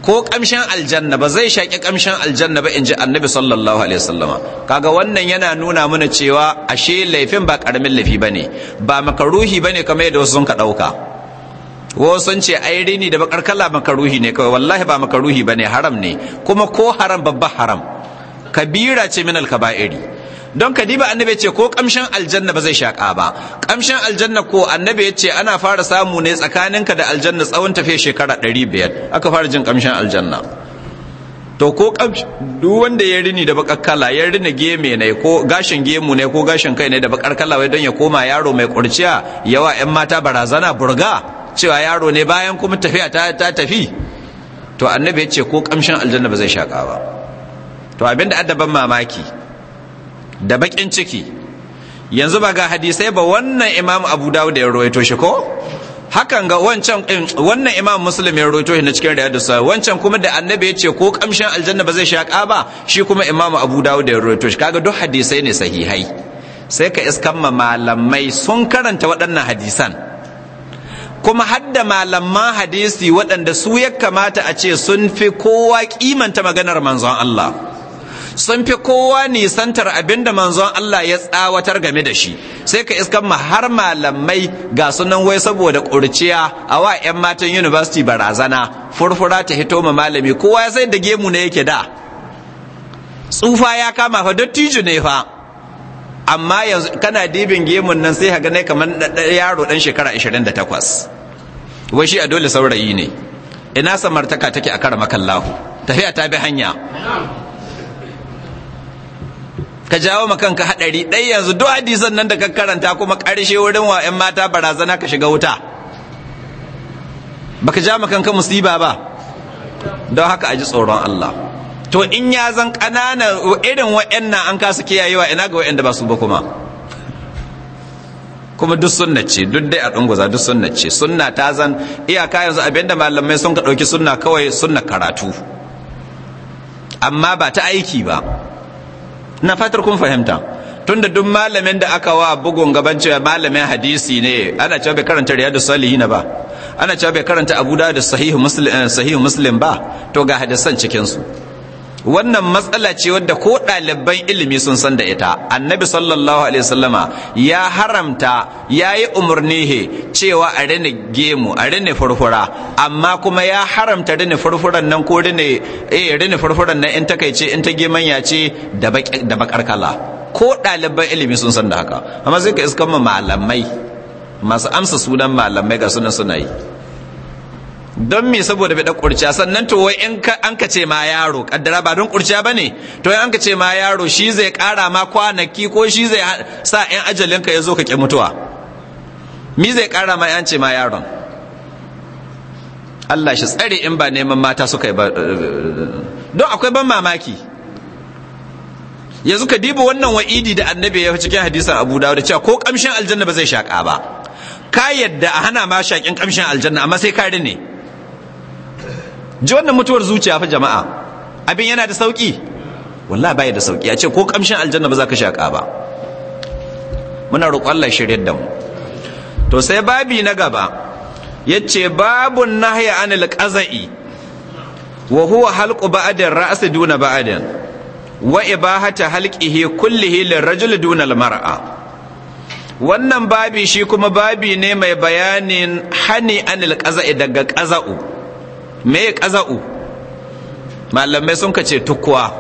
ko kamshin aljanna ba zai shaƙi kamshin aljanna ba in ji annabi sallallahu alaihi sallama. kaga wannan yana nuna mana cewa ashe laifin ba karamin laifi ne ba makaruhi ne kamar yadda wasu sun ka wasu sun ce ai rini da bakar kala makaruhi ne kawai wallahi ba makaruhi bane haram ne kuma ko haram babba haram kabira ce min alkaba'iri don kadiba annabi ce ko kamshin aljanna ba zai shaka ba kamshin aljanna ko annabi ya ce ana fara samu ne ka da aljanna tsawon tafiya shekara 500 aka fara jin kamshin aljanna to ko duk wanda ya rini da bakar kala ya rini geme ne ko gashin gemu ne ko gashin kai ne da bakar kala wai don ya koma yaro mai kurciya yawa yan mata barazana burga cewa yaro ne bayan kuma tafiya ta tafi to annabi ya ce ko kamshin aljanna ba zai shaka ba to abinda addaban mamaki da bakin ciki yanzu ba ga hadisai ba wannan imam abu dawud ya rawaito shi ko hakan ga wancan eh, wannan imam muslim ya rawaito shi na cikin riyadu sa wancan kuma da annabi ya ce ko kamshin aljanna ba zai shaka ba shi kuma imam abu dawud ya rawaito shi kaga duk hadisai ne sahihai sai ka iskan malamai sun karanta waɗannan hadisan kuma hadda malaman hadisi waɗanda su ya kamata a ce sun fi kowa kimanta maganar manzon Allah sun fi kowa nisantar abinda manzon Allah ya tsawatar game da shi sai ka iskan ma har malamai ga sunan wai saboda ƙurciya a wa 'yan matan university barazana furfura ta hito ma malami kowa ya sai da gemu ne yake da tsufa ya kama fa dattijo ne fa amma yanzu kana dibin gemun nan sai haga ne kamar yaro dan shekara 28 wai shi a dole saurayi ne ina samartaka take a makallahu? tafiya ta bi hanya ka jawo ma kanka hadari dai yanzu duk hadisan nan da ka karanta kuma karshe wurin wa ƴan mata barazana ka shiga wuta baka jawo ma kanka musiba ba don haka aji tsoron Allah to in ya zan ƙanana irin waɗannan an su kiyayewa ina ga waɗanda ba su ba kuma kuma duk sunna ce duk dai a dunguza duk sunna ce sunna ta zan iyaka yanzu abinda malamai sun ka ɗauki sunna kawai sunna karatu amma ba ta aiki ba na fatar kun fahimta tunda duk malamin da aka wa bugun gaban cewa malamin hadisi ne ana cewa bai karanta riyadu salihin ba ana cewa bai karanta abu da eh, sahihu muslim ba to ga hadisan cikin su wannan matsala ce wadda ko ɗaliban ilimi sun san da ita annabi sallallahu alaihi wasallama ya haramta ya yi umarni cewa a rane gemu a rane furfura amma kuma ya haramta rane furfuran nan ko rane eh furfuran nan in takaice in ta gemanya ce da bakar kala ko ɗaliban ilimi sun san da haka amma sai ka iskan malamai masu amsa sunan malamai ga sunan suna yi don me saboda bai da kurciya sannan to wai in an ka ce ma yaro kaddara ba don kurciya bane to in an ka ce ma yaro shi zai kara ma kwanaki ko shi zai sa yan ajalin ka yazo ka ki mutuwa mi zai kara ma yan ce ma yaron Allah shi tsare in ba neman mata suka yi ba eh, eh, don akwai ban mamaki yanzu ka dibo wannan wa'idi da annabi ya cikin hadisin Abu Dawud cewa ko kamshin aljanna ba zai shaka ba ka yadda a hana ma shakin kamshin aljanna amma sai ka ne ji wannan mutuwar zuciya fa jama'a abin yana da sauki wallahi baya da sauki a ce ko kamshin aljanna ba za ka shaka ba muna roƙon Allah shiryar da mu to sai babi na gaba yace babun nahyi anil qaza'i wa huwa halqu ba'din ra's duna ba'din wa ibahata halqihi kullihi lirajuli duna almar'a wannan babi shi kuma babi ne mai bayanin hani anil qaza'i daga qaza'u me ƙaza'u malamai sun ka ce tukkuwa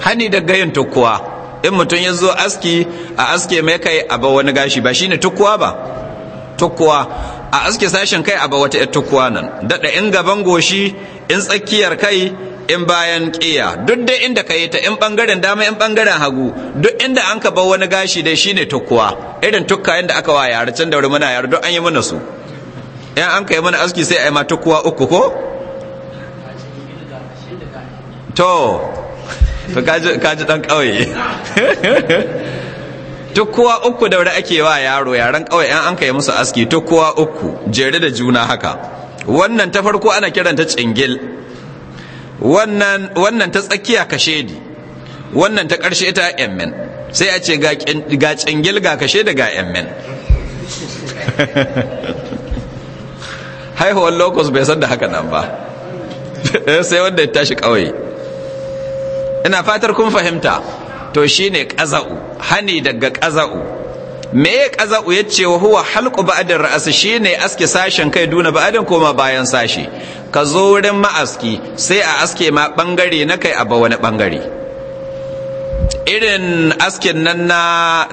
hani da gayin tukkuwa in mutum ya zo aski a aske mai kai a ba wani gashi ba shine tukkuwa ba tukkuwa a aske sashen kai a ba wata yar tukkuwa nan daɗa in gaban goshi in tsakiyar kai in bayan ƙiya duk dai inda ka yi ta in ɓangaren dama in ɓangaren hagu duk inda an ka bar wani gashi dai shine tukkuwa irin tukkayen da aka wa yara, can da wuri muna yare duk an yi mana su yan an kai mana aski sai a yi mata kuwa uku ko to to kaji dan kauye to kuwa uku da wuri ake wa yaro yaran kawai yan an kai musu aski to kuwa uku jere da juna haka wannan ta farko ana kiranta cingil wannan wannan ta tsakiya di wannan ta karshe ta yammen sai a ce ga cingil ga kashe da ga yammen haihuwar locust bai san da haka nan ba eh, sai wanda ya tashi kawai ina fatar kun fahimta to shine qaza'u hani daga ƙaza'u. me ya qaza'u yace wa huwa halqu ba'dar shi shine aske sashen kai duna ba'dan koma bayan sashi ka zo wurin ma'aski sai a aske ma bangare na kai a ba wani bangare irin askin nan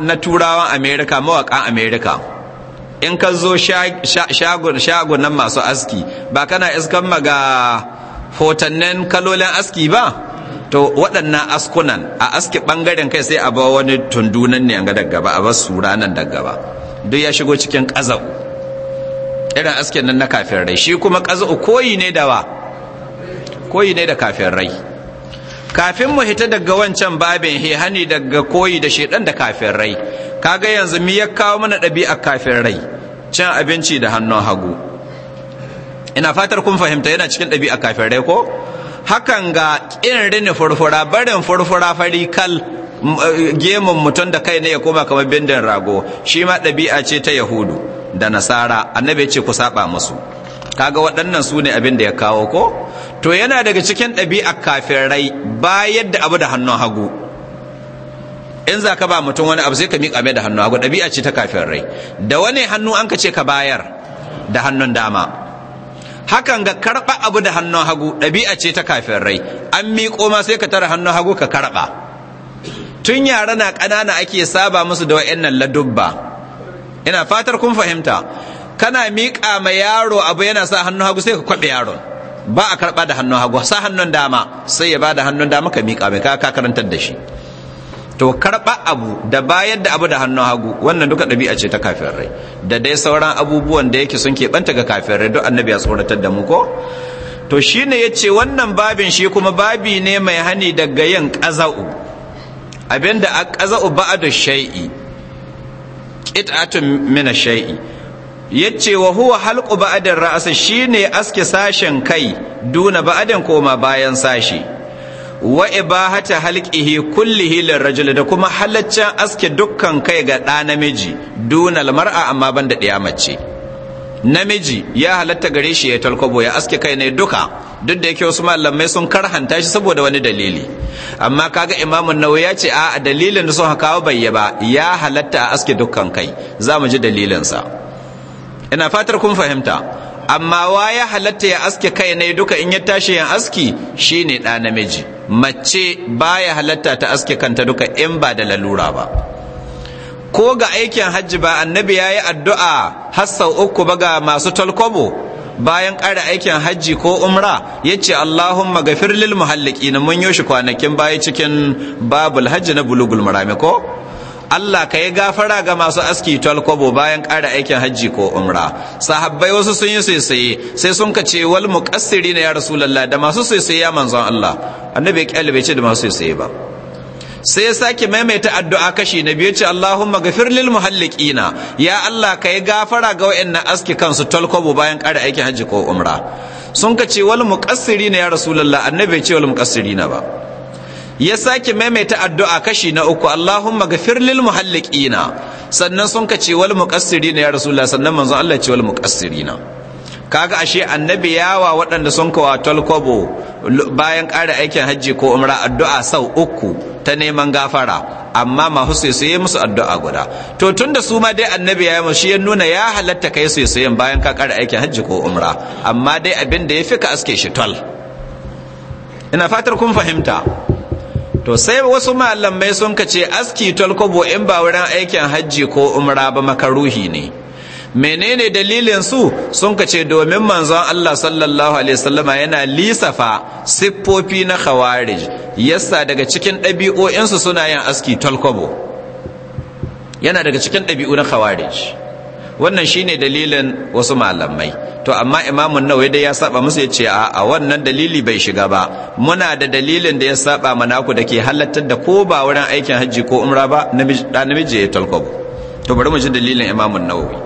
na turawan Amerika, mawakan Amerika. in ka zo shagon nan masu aski ba kana iskan maga hotannin kalolin aski ba to waɗannan askunan a aski ɓangaren kai sai a ba wani tundunan ne ga daggaba a basu ranar daggaba duk ya shigo cikin ƙaza'u irin askin nan na kafin rai shi kuma ƙaza'u koyi ne da wa koyi ne da kafin rai kafin mu hita daga wancan babin he hani daga koyi da shedan da kafin rai kaga yanzu mi ya kawo mana ɗabi'a kafin rai cin abinci da hannun hagu ina fatar kun fahimta yana cikin ɗabi'a kafin rai ko hakan ga ƙin rini furfura barin furfura fari kal eh, gemun mutum da kai ne ya koma kamar bindin rago shi ma ɗabi'a ce ta yahudu da nasara annabi ce ku saba musu kaga waɗannan su ne abin da ya kawo ko to yana daga cikin ɗabi'a kafirai bayar da abu da hannun hagu in za ka ba mutum wani abu sai ka miƙa mai da hannun hagu ɗabi'a ce ta kafirai da wani hannu an ka ce ka bayar da hannun dama hakan ga karɓa abu da hannun hagu ɗabi'a ce ta kafirai an miƙo ma sai ka tara hannun hagu ka karɓa tun yara na ƙanana ake saba musu da wa'annan ladubba ina fatar kun fahimta kana miƙa ma yaro abu yana sa hannun hagu sai ka kwaɓe yaron ba a karba da hannun hagu sa hannun dama sai ya ba da hannun dama ka miƙa mai ka karantar da shi to karba abu da bayar da abu da hannun hagu wannan duka ɗabi'a ce ta kafin rai da dai sauran abubuwan da yake sun keɓanta ga kafin rai don annabi ya tsoratar da mu ko to shi ne ya ce wannan babin shi kuma babi ne mai hani daga yin ƙaza'u abinda a ƙaza'u da shai'i ƙit'atun mina shai'i yace wa huwa halqu ba'adin rasa shine aske sashen kai duna ba'adin koma bayan sashi wa ibahata halqihi kullihi lirrajul da kuma halaccen aske dukkan kai ga ɗa namiji duna almar'a amma banda ɗiya mace namiji ya halatta gare shi ya talkobo ya aske kai ne duka duk da yake wasu malamai sun karhanta shi saboda wani dalili amma kaga imamun nawa ya ce a dalilin da sun kawo bayya ba ya halatta a aske dukkan kai za mu ji dalilinsa ina fatar kun fahimta amma wa ya halatta ya aske kai ne duka in ya tashi yin aski shine ɗa namiji mace baya halatta ta aske kanta duka in ba da lalura ba ko ga aikin hajji ba annabi ya yi addu'a har uku ba ga masu talkobo bayan ƙara aikin hajji ko umra ya ce allahumma gafir lil muhalliki na mun yoshi kwanakin baya cikin babul hajji na bulugul marami ko Allah ka yi gafara ga masu aski kobo bayan ƙara aikin hajji ko umra sahabbai wasu sun yi sosai sai sun ka ce wal muqassiri na ya rasulullah da masu sosai ya manzon Allah annabi kyale bai ce da masu sosai ba sai ya sake maimaita addu'a kashi na biyu ce Allahumma ghafir lil muhalliqina ya Allah ka yi gafara ga wa'annan aski kansu kobo bayan ƙara aikin hajji ko umra sun ka ce wal muqassiri na ya rasulullah annabi bai ce wal muqassiri na ba ya sake maimaita addu'a kashi na uku Allahumma gafir lil muhalliqina sannan sun ka ce wal muqassirina ya rasulullah sannan manzon Allah ce wal Ka kaga ashe annabi yawa waɗanda sun kawa talkobo bayan ƙara aikin hajji ko umra addu'a sau uku ta neman gafara amma ma sai musu addu'a guda to tunda su ma dai annabi ya yi shi ya nuna ya halatta kai su yi bayan ka ƙara aikin hajji ko umra amma dai abin da ya fi ka aske shi tol ina fatar kun fahimta to sai wasu malamai sun ka ce aski talkobo in ba wurin aikin hajji ko umra ba makaruhi ne menene dalilin su sun ka ce domin manzon Allah sallallahu alaihi wasallama yana lisafa siffofi na khawarij yasa daga cikin ɗabi'o'insu suna yin aski talkobo yana daga cikin ɗabi'u na khawarij wannan shine dalilin wasu malamai to amma imamun ya dai ya saba musu yace a a wannan dalili bai shiga ba muna da dalilin da ya saba mana ku ke halattar da ko ba wurin aikin hajji ko umra ba da namiji ya talqab to bari mu ji dalilin imamun nawawi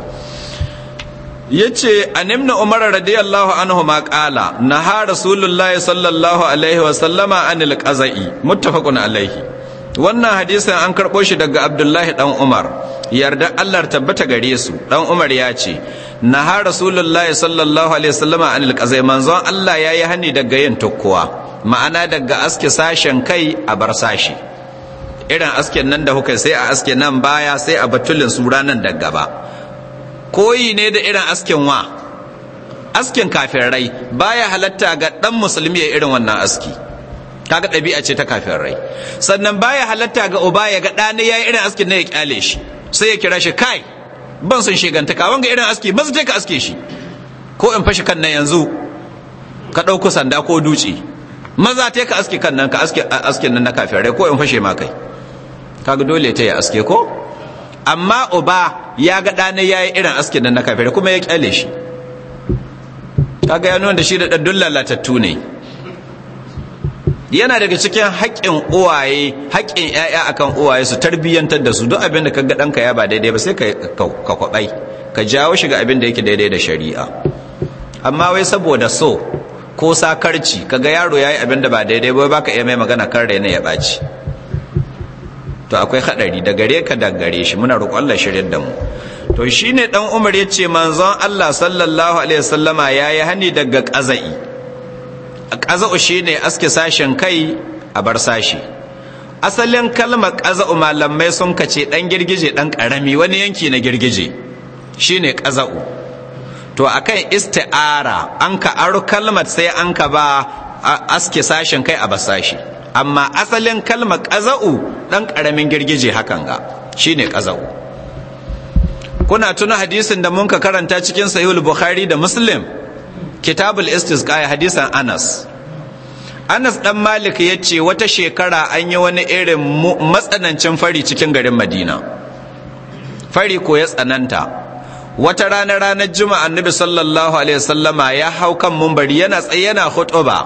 yace an umar radiyallahu anhu ma qala naha rasulullahi sallallahu alaihi wa sallama anil qaza'i muttafaqun alaihi wannan hadisin an karɓo shi daga abdullahi dan umar yarda allah tabbata gare su dan umar ya ce na ha rasulullahi sallallahu alaihi wasallama an alƙazai manzon allah ya yi hani daga yin tukkuwa ma'ana daga aske sashen kai a bar sashi irin asken nan da hukai sai a aske nan baya sai a batulin sura nan da gaba koyi ne da irin asken wa asken kafirai baya halatta ga dan musulmi irin wannan aski kaga ɗabi'a ce ta kafin rai sannan baya halatta ga uba ya ga ɗani ya yi irin askin na ya kyale shi sai ya kira shi kai ban san shegantaka wanga irin aski ba zai ka aske shi ko in fashi kan nan yanzu ka ɗauko sanda ko dutse maza ta ka aske kan nan ka aske nan na kafin rai ko in fashe ma kai kaga dole ta ya aske ko amma uba ya ga ɗani ya yi irin askin nan na kafin rai kuma ya kyale shi kaga ya nuna da shi da ɗaddun lalatattu ne yana daga cikin haƙƙin uwaye haƙƙin ƴaƴa akan uwaye su tarbiyyantar da su duk abin da ka ga ɗanka ya ba daidai ba sai ka kwabai ka jawo shi ga abin da yake daidai da shari'a amma wai saboda so ko sakarci ka ga yaro yi abin da ba daidai ba baka iya mai magana kan raina ya ɓaci. to akwai haɗari da gare ka da gare shi muna roƙon Allah shirin da mu to shine dan Umar yace manzon Allah sallallahu alaihi wasallama yayi hani daga qaza'i ƙaza'u shine aske sashen kai a bar sashi asalin kalmar ƙaza'u malamai sun kace ɗan girgije ɗan ƙarami wani yanki na girgije shine ƙaza'u to a kan isti'ara an ka aro kalmar sai an ka ba aske sashen kai a bar sashi amma asalin kalmar ƙaza'u ɗan ƙaramin girgije hakan ga shine ƙaza'u kuna tuna hadisin da mun ka karanta cikin sahihul bukhari da muslim kitabul istisqa hadisan anas anas dan malik ya ce wata shekara an yi wani irin matsanancin fari cikin garin madina fari ko ya tsananta wata rana ranar juma'a annabi sallallahu alaihi wasallama ya hau kan mumbari yana tsaye yana hutuba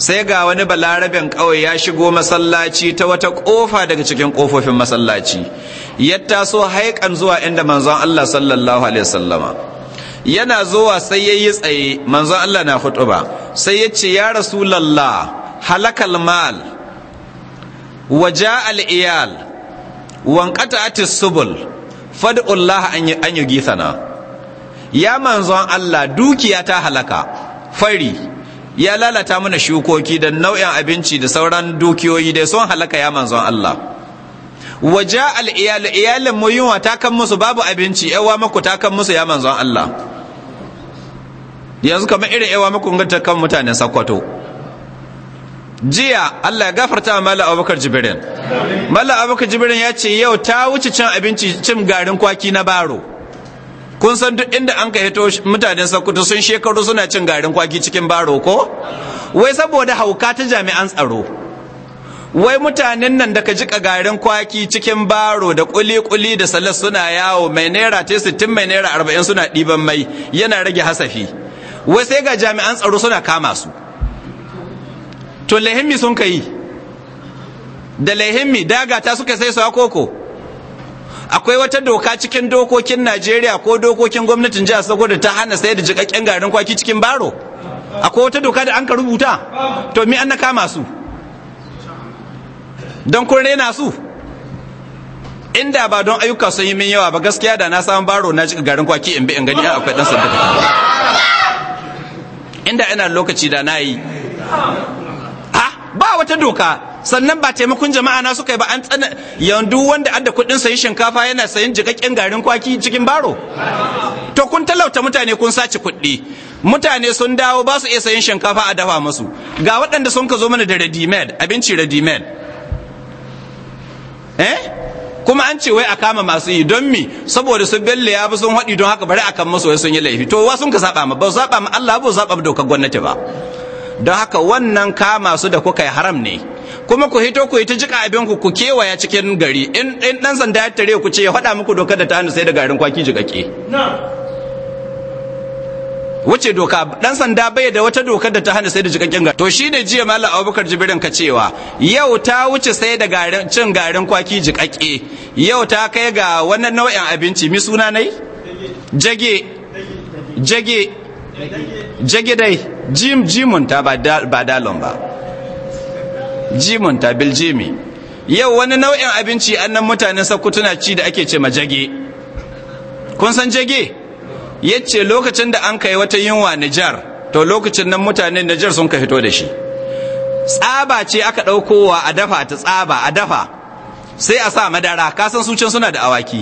sai ga wani balarabin kawai ya shigo masallaci ta wata kofa daga cikin kofofin masallaci ya taso haikan zuwa inda manzon Allah sallallahu alaihi wasallama yana zuwa sai ya yi tsaye manzon Allah na hutuba sai ya ce ya rasulallah halakal mal waja iyal wankata atis subul fad'ullah an yi githana ya manzon Allah dukiya ta halaka fari ya lalata mana shukoki da nau'in abinci da sauran dukiyoyi dai sun halaka ya manzon Allah waja al iyal iyalan mu yunwa ta kan musu babu abinci yawa maku ta kan musu ya manzon Allah yanzu kamar irin yawa maku ga ta kan mutanen jiya Allah ya gafarta wa Malam Abubakar Jibirin. Malam Abubakar Jibrin ya ce yau ta wuce cin abinci cin garin kwaki na baro kun san duk inda an ka hito mutanen sakwato sun shekaru suna cin garin kwaki cikin baro ko wai saboda hauka ta jami'an tsaro wai mutanen nan da ka jika garin kwaki cikin baro da kuli da salas suna yawo mai naira ce mai naira arba'in suna ɗiban mai yana rage hasafi wai sai ga jami'an tsaro suna kama su to lahimmi sun ka yi da lahimmi daga ta suka sai su koko akwai wata doka cikin dokokin najeriya ko dokokin gwamnatin jihar saboda ta hana sayar da jikakken garin kwaki cikin baro akwai wata doka da an ka rubuta to mi an na kama su don kun na su inda ba don ayyuka sun yi min yawa ba gaskiya da na samu baro na cika garin kwaki in bi in gani akwai dan sadaka inda ina lokaci da na yi ba wata doka sannan ba taimakon jama'a na suka yi ba an tsana yanzu wanda adda kuɗin sayi shinkafa yana sayin jikakken garin kwaki cikin baro to kun talauta mutane kun sace kuɗi mutane sun dawo ba su iya sayin shinkafa a dafa musu ga waɗanda sun ka zo mana da ready made abinci ready made eh kuma an ce wai a kama masu yi don mi saboda su belle ya bi sun haɗi don haka bari a kan masu sun yi laifi to wasu ka saba ma ba saba ma Allah ba saba ma dokar gwamnati ba don haka wannan kama su da kuka yi haram ne kuma ku hito ku yi ta jika abin ku ku kewaya cikin gari in dan sanda ya tare ku ce ya faɗa muku dokar da ta hannu sai da garin kwaki jikake wuce doka dan sanda bai da wata dokar da ta hana sai da jikakken gari to shine jiya mallam abubakar jibrin ka cewa yau ta wuce sai da garin cin garin kwaki jikakke yau ta kai ga wannan nau'in abinci mi suna nai jage jage jage dai jim jimunta ba dalon ba jimunta biljimi yau wani nau'in abinci annan mutanen sakutuna ci da ake ce ma jage kun san jage yace lokacin da an kai wata yunwa Nijar to lokacin nan mutanen Nijar sun ka fito da shi tsaba ce aka ɗaukowa a dafa ta tsaba a dafa sai a sa madara kasan su can suna da awaki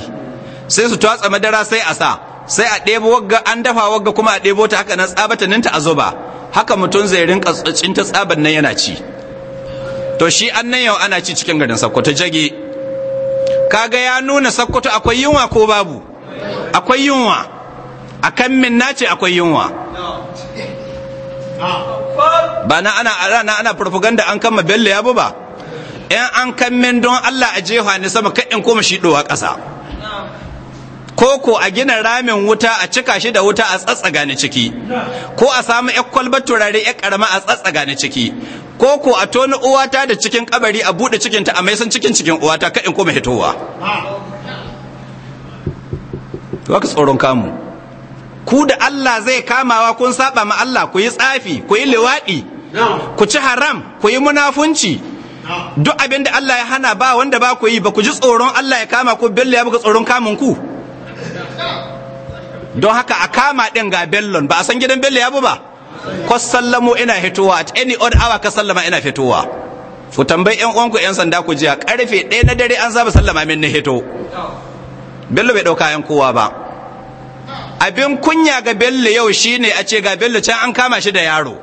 sai su tatsa madara sai a sa sai a ɗebo wagga an dafa wagga kuma a debo ta haka nan tsabata ninta a zuba haka mutum zai rinka ta tsaban nan yana ci to shi an nan yau ana ci cikin garin sakkwato jage kaga ya nuna sakkwato akwai yunwa ko babu akwai yunwa a kan min nace akwai yunwa ba na ana ana ana propaganda an kama bello ya bu ba yan an kan min don allah a jefa ne sama kan in koma shi dowa ƙasa koko a gina ramin wuta a cika shi da wuta a tsatsaga ni ciki ko a samu yan kwalba turare ya karama a tsatsaga ni ciki koko a toni uwata da cikin kabari a buɗe cikinta a mai san cikin cikin uwata kan in koma hitowa to ka tsoron kamu ku da Allah zai kamawa kun saba ma Allah ku yi tsafi ku yi liwaɗi ku ci haram ku yi munafunci duk abin da Allah ya hana ba wanda ba ku yi ba ku ji tsoron Allah ya kama ku bello ya buga tsoron kamun ku don haka a kama ɗin ga bellon ba a san gidan bello ya bu ba ko sallamo ina fitowa at any odd hour ka sallama ina fitowa ku tambayi yan uwanku ƴan sanda ku jiya karfe ɗaya na dare an zaba sallama min na hito bello bai ɗauka yan kowa ba abin kunya ga bello yau shine a ce ga bello can an kama shi da yaro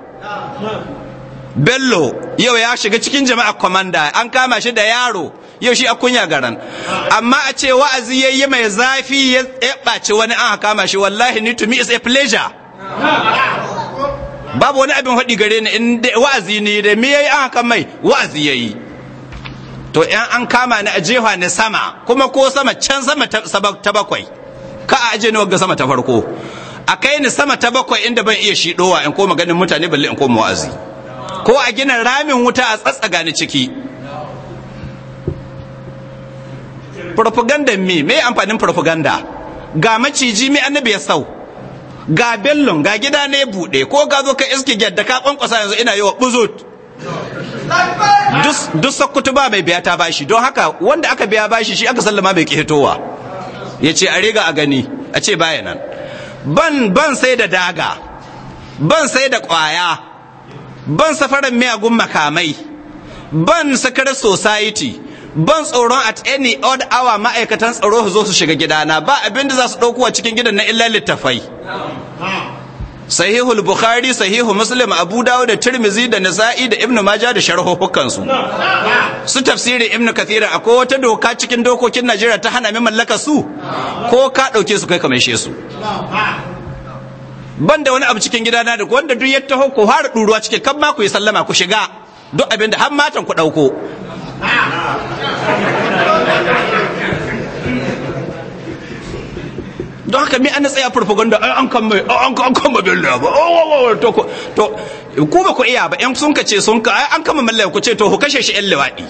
bello yau ya shiga cikin jama'a kwamanda an kama shi da yaro yau shi a kunya garan amma a ce wa'azi ya yi mai zafi ya ɓaci wani an kama shi wallahi ni to me is a pleasure babu wani abin haɗi gare ni in wa'azi ne da me yayi an haka mai wa'azi yayi to in an kama ni a jefa ni sama kuma ko sama can sama ta bakwai ka a aje ni wagga sama ta farko a kai ni sama ta bakwai inda ban iya shiɗowa in koma ganin mutane balle in koma wa'azi ko a gina ramin wuta a tsatsaga ni ciki propaganda me me amfanin propaganda ga maciji me annabi ya sau ga bellon ga gida ne buɗe ko ga zo ka iske gyadda ka kwankwasa yanzu ina yi wa buzut duk sakkutu ba mai biya ta bashi don haka wanda aka biya bashi shi aka sallama mai kihitowa ya ce a riga a gani a ce baya nan ban ban sai da daga ban sai da ƙwaya ban safarar miyagun makamai ban sakar society ban tsoron at any odd hour ma'aikatan tsaro su zo su shiga gidana ba abin da za su ɗauko a cikin gidan na illa littafai sahihul bukhari sahihu muslim abu dawud da tirmizi da nasa'i da ibnu maja da sharhu su su tafsiri ibnu kathira akwai wata doka cikin dokokin najeriya ta hana min mallaka su ko ka dauke su kai kamar su ban da wani abu cikin gidana da wanda duk ya taho ko har ɗuruwa cike, kan ma ku yi sallama ku shiga duk abinda har matan ku ɗauko don haka mai an tsaya propaganda ai an kan mai an kan kan ba bello ba oh, oh, oh to ko to ku ba ku iya ba yan sun kace sun ka an kama mallaya ku ce to ku kashe shi yan liwadi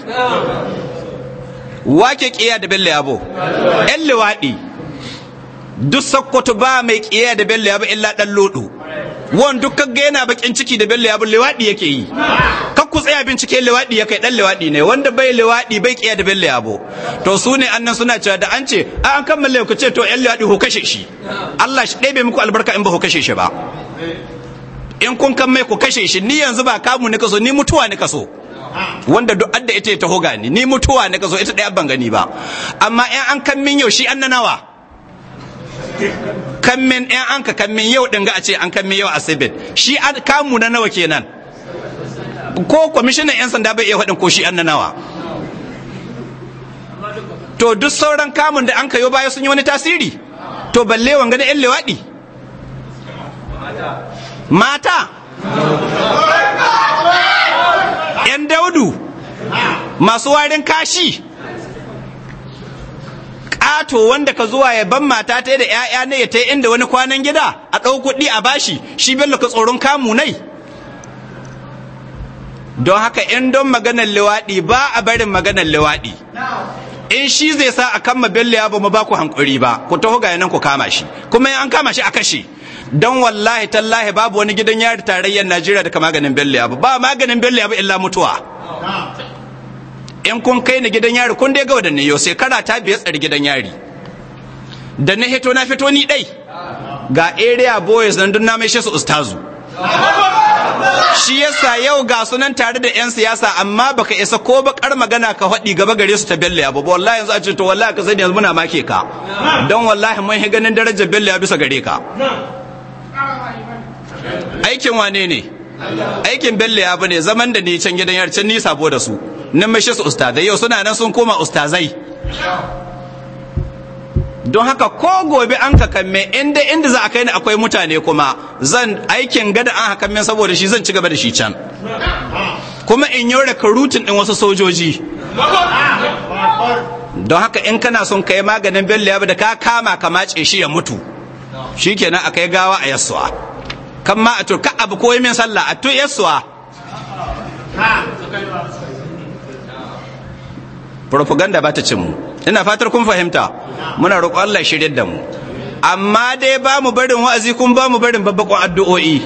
wake kiya da bello yabo yan liwadi duk sakkwato ba mai kiya da bello yabo illa dan lodo wan duk kaga yana bakin ciki da bello yabo liwadi yake yi ya bincike liwaɗi ya kai ɗan liwaɗi ne wanda bai liwaɗi bai ƙiya da bella yabo to su ne annan suna cewa da an ce an kammala ku ce to ƴan liwaɗi ku kashe shi Allah shi ɗebe muku albarka in ba ku kashe shi ba in kun kan mai ku kashe shi ni yanzu ba kamu ne kaso ni mutuwa ne kaso wanda duk adda ita ta hoga ni ni mutuwa ne kaso ita ɗaya ban gani ba amma in an kan min yau shi an nawa kan min in an ka kan min yau dinga a ce an kan min yau asibit shi kamu na nawa kenan ko kwamishinan 'yan sanda bai iya faɗin ko shi annanawa to duk sauran kamun da an kayo baya sun yi wani tasiri to balle wanga da 'yan lewaɗi mata 'yan daudu masu warin kashi ƙato wanda ka zuwa ya ban mata ta da 'ya'ya ne ya ta inda wani kwanan gida a ɗau kuɗi a bashi shi bello ka tsoron kamu nai don haka in don maganar liwaɗi ba a barin maganar liwaɗi in shi zai sa a kan ya ba mu ba ku hankuri ba ku taho ga nan ku kama shi kuma an kama shi a kashe don wallahi tallahi babu wani gidan yari tarayyar najeriya da ka maganin belle ba ba maganin ya ba illa mutuwa in kun kai ni gidan yari kun dai ga wadannan yau sai kara ta biya tsari gidan yari da na hito na fito ni dai ga area boys nan dun na mai shi su ustazu shi yasa yau ga sunan tare da 'yan siyasa amma baka isa ko bakar magana ka haɗi gaba gare su ta bello ya babu wallahi yanzu a ce to wallahi ka sani yanzu muna make ka don wallahi mun ganin darajar bello ya bisa gare ka aikin wane ne aikin bello ya bane zaman da ni can gidan yar can ni sabo da su nan mashi su ustazai yau suna nan sun koma ustazai don haka ko gobe an ka inda inda za a kai ni akwai mutane kuma zan aikin gada an hakan min saboda shi zan ci gaba da shi can kuma in yi rakarutin din wasu sojoji don haka in kana son kai maganin bello ya da ka kama ka mace shi ya mutu shikenan akai gawa a yaswa kan ma a turka abu koyi min sallah a tu yaswa propaganda ba ta cin mu ina fatar kun fahimta muna roƙo Allah shiryar da mu amma dai ba mu barin wa'azi kun ba mu barin babbakon addu'o'i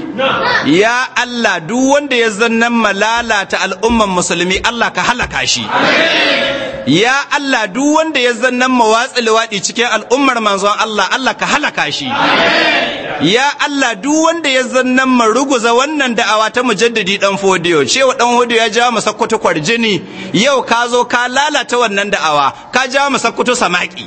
ya Allah duk wanda ya zannan lalata al'umman musulmi Allah ka halaka shi ya Allah duk wanda ya zannan mawatsi liwaɗi cikin al'ummar manzon Allah Allah ka halaka shi ya Allah duk wanda ya zannan maruguza wannan da'awa ta mujaddadi dan fodiyo cewa dan fodiyo ya jawo masakkutu kwarjini yau ka zo ka lalata wannan da'awa ka jawo masakkutu samaki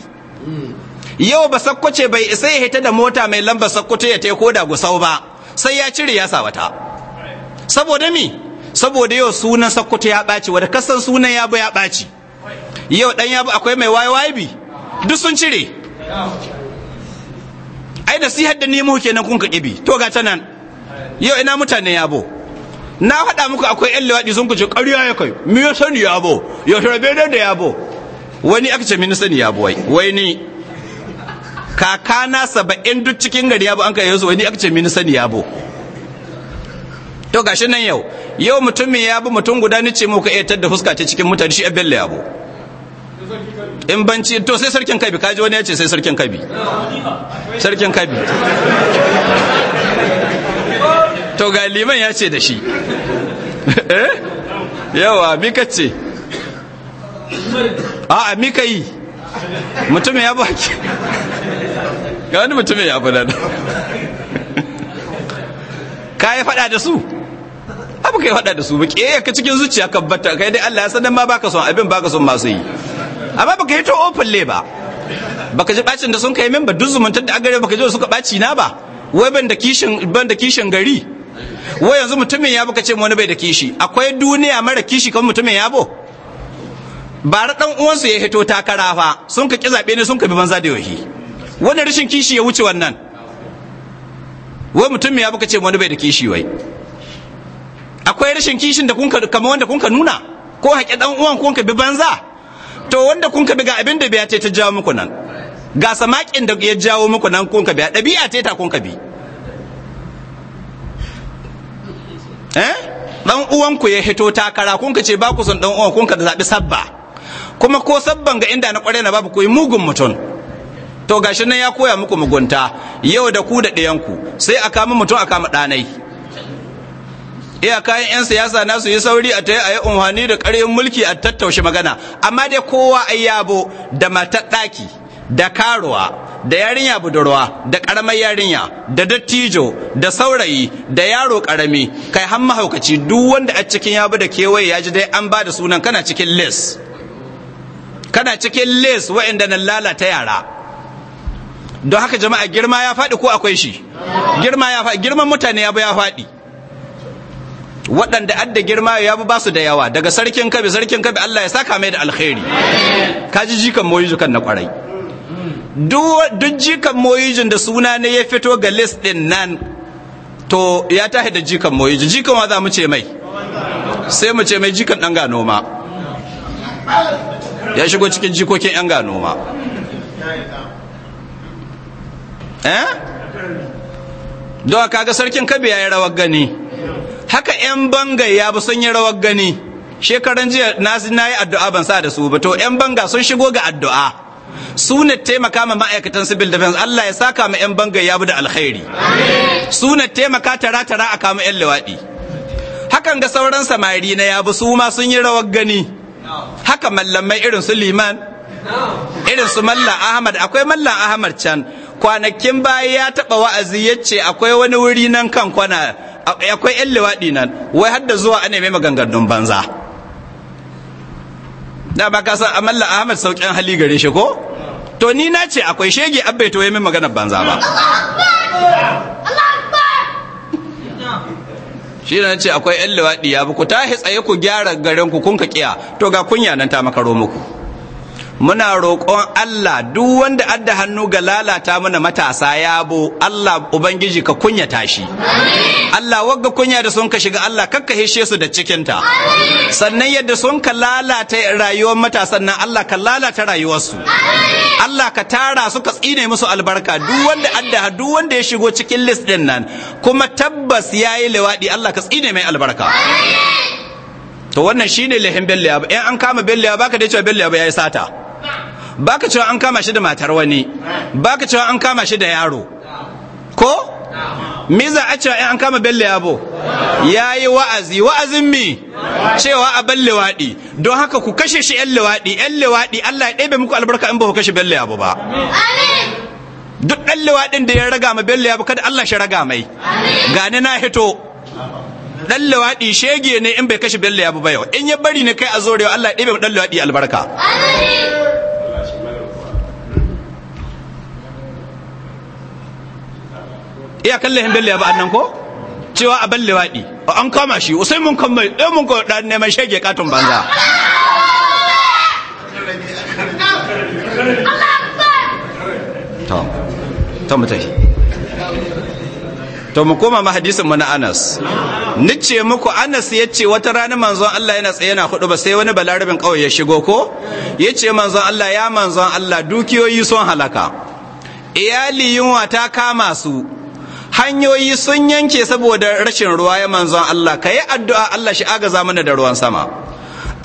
yau ba sakkwace bai isa ya hita da mota mai lamba sakkwato ya taiko da gusau ba sai ya cire ya sa wata saboda mi saboda yau sunan sakkwato ya ɓaci wadda kasan sunan ya bu ya ɓaci yau dan yabu akwai mai waye waye bi duk sun cire ai da sihar da nemo kenan kun ka kibi to ga ta nan yau ina mutane yabo na faɗa muku akwai yan lewaɗi sun kuce ƙarya ya kai me ya sani yabo ya sharabe da yabo wani aka ce mini sani yabo wai wai ni kakana saba'in duk cikin gari bo an kai yanzu wani aka ce mini sani bo to gashi nan yau yau mutumin ya bi mutum guda ni ce muka iya tadda fuska ta cikin mutane shi abin yabo in banci to sai sarkin kabi kaji wani ya ce sai sarkin kabi sarkin kabi to ga liman ya ce da shi eh? yawa mika ce a a mika yi mutumin ya baki ga wani mutumin ya da ka yi fada da su abu ka yi fada da su ba ke ka cikin zuciya ka bata kai dai Allah ya sanar ma baka son abin baka son masu yi amma baka yi to open le ba baka ji bacin da sun kai min ba duk zumuntar da agare baka ji suka baci na ba wai ban da kishin ban da kishin gari wai yanzu mutumin ya baka ce wani bai da kishi akwai duniya mara kishi kan mutumin ya bo Ba ra dan uwansu ya hito takara fa sun ka ki zabe ne sun ka bi banza da yohi Wani rashin kishi ya wuce wannan wai mutumin ya baka ce wani bai da kishi wai akwai rashin kishin da kun kamar wanda kun ka nuna ko haƙe dan uwan kun ka bi banza to wanda kun bi ga abin da biya ce ta jawo muku nan ga samakin da ya jawo muku nan kun kabi ɗabi'a ta ta kun kabi eh dan uwanku ya hito takara kun ka ce ba ku son dan uwan kun ka zabi sabba kuma ko sabban ga inda na kware na babu koyi mugun mutum to gashi nan ya koya muku mugunta yau da ku da ɗayanku sai a kama mutum a kama ɗanai iya kayan 'yan siyasa na su yi sauri a ta yi a yi umarni da ƙarfin mulki a tattaushe magana amma dai kowa ai yabo da matar ɗaki da karuwa da yarinya budurwa da ƙaramar yarinya da dattijo da saurayi da yaro ƙarami kai har mahaukaci duk wanda a cikin bi da kewaye ya ji dai an ba da sunan kana cikin les kana cikin les wa'inda nan lalata yara don haka jama'a girma ya faɗi ko akwai shi girma ya faɗi girman mutane ya ya faɗi waɗanda adda girma ya ba su da yawa daga sarkin kabi sarkin kabi Allah ya saka mai da alkhairi ji jikan moyiju kan na kwarai duk jikan moyijin da suna ne ya fito ga list din nan to ya tahi da jikan moyiju jikan wa za mu ce mai sai mu ce mai jikan ɗan noma. ya shigo cikin jikokin ɗan ganoma eh don kaga sarkin kabi ya yi rawar gani haka yan banga ya ba sun yi rawar gani shekaran jiya na yi addu'a ban sa da su ba to yan banga sun shigo ga addu'a suna taimaka ma ma'aikatan civil defense Allah ya saka ma yan banga ya da alkhairi suna taimaka tara tara a kama yan luwaɗi. hakan ga sauran samari na yabu su ma sun yi rawar gani haka mallamai irin su liman irin su malla ahmad akwai malla ahmad can kwanakin baya ya taɓa wa'azi ya ce akwai wani wuri nan kan kwana akwai yan liwaɗi nan wai har da zuwa ana mai maganganun banza da ba ka san amalla ahmad sauƙin hali gare shi ko to ni na ce akwai shege Abba to ya mai maganar banza ba shi na ce akwai yan liwaɗi ya ku ta tsaye ku gyara garin ku kun ka kiya to ga kunya nan ta makaro muku muna roƙon Allah duk wanda adda hannu ga lalata mana matasa ya bo Allah ubangiji ka kunya tashi. Allah wagga kunya da sun ka shiga Allah kakka hishe su da cikinta sannan yadda sun ka lalata rayuwar matasan nan Allah ka lalata rayuwarsu Allah ka tara su ka tsine musu albarka duk wanda adda duk wanda ya shigo cikin list din nan kuma tabbas yayi lewadi Allah ka tsine mai albarka to wannan shine lehin belliya in an kama belliya baka da cewa belliya ba yayi sata baka cewa an kama shi da matar wani baka cewa an kama shi da yaro ko me za a cewa an kama bello yabo ya yi wa'azi wa'azin mi cewa a bello waɗi don haka ku kashe shi yan lewaɗi yan lewaɗi allah ya ɗebe muku albarka in ba ku kashe bello yabo ba duk ɗan lewaɗin da ya raga ma bello yabo kada allah shi raga mai gane na hito ɗan lewaɗi shege ne in bai kashe bello yabo ba yau in ya bari ne kai a zorewa allah ya ɗebe mu ɗan lewaɗi albarka iya kallahin bello ya ba annan ko cewa a balle waɗi an kama shi usai mun kan mai ɗan mun ko ɗan neman shege katon banza to mu tafi to mu koma ma hadisin mu na Anas ce muku Anas yace wata rana manzon Allah yana tsaye yana hudu ba sai wani balarabin kawai ya shigo ko yace manzon Allah ya manzon Allah dukiyoyi sun halaka iyali yunwa ta kama su hanyoyi sun yanke saboda rashin ruwa ya manzon Allah ka yi addu'a Allah shi agaza mana da ruwan sama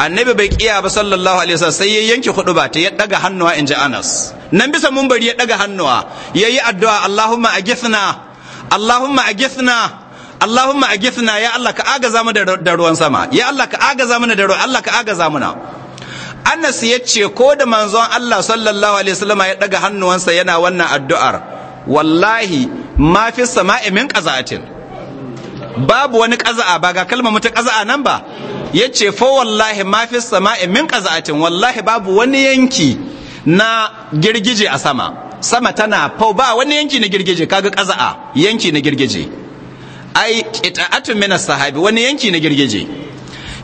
annabi bai kiya ba sallallahu alaihi wasallam sai ya yanke hudu ba ta ya daga hannuwa in ji anas nan bisa mun bari ya daga hannuwa ya yi addu'a Allahumma agithna Allahumma agithna Allahumma agithna ya Allah ka agaza mana da ruwan sama ya Allah ka agaza mana da ruwan Allah ka agaza mana Anas ya ce ko da manzon Allah sallallahu alaihi wasallam ya daga hannuwansa yana wannan addu'ar wallahi ma fi sama'i min qaza'atin babu wani qaza'a ba ga kalmar mutu qaza'a nan ba Ya ce fa wallahi ma fi sama'i min qaza'atin wallahi babu wani yanki na girgije a sama sama tana fo ba wani yanki na girgije kaga qaza'a yanki na girgije ai ita atun mina sahabi wani yanki na girgije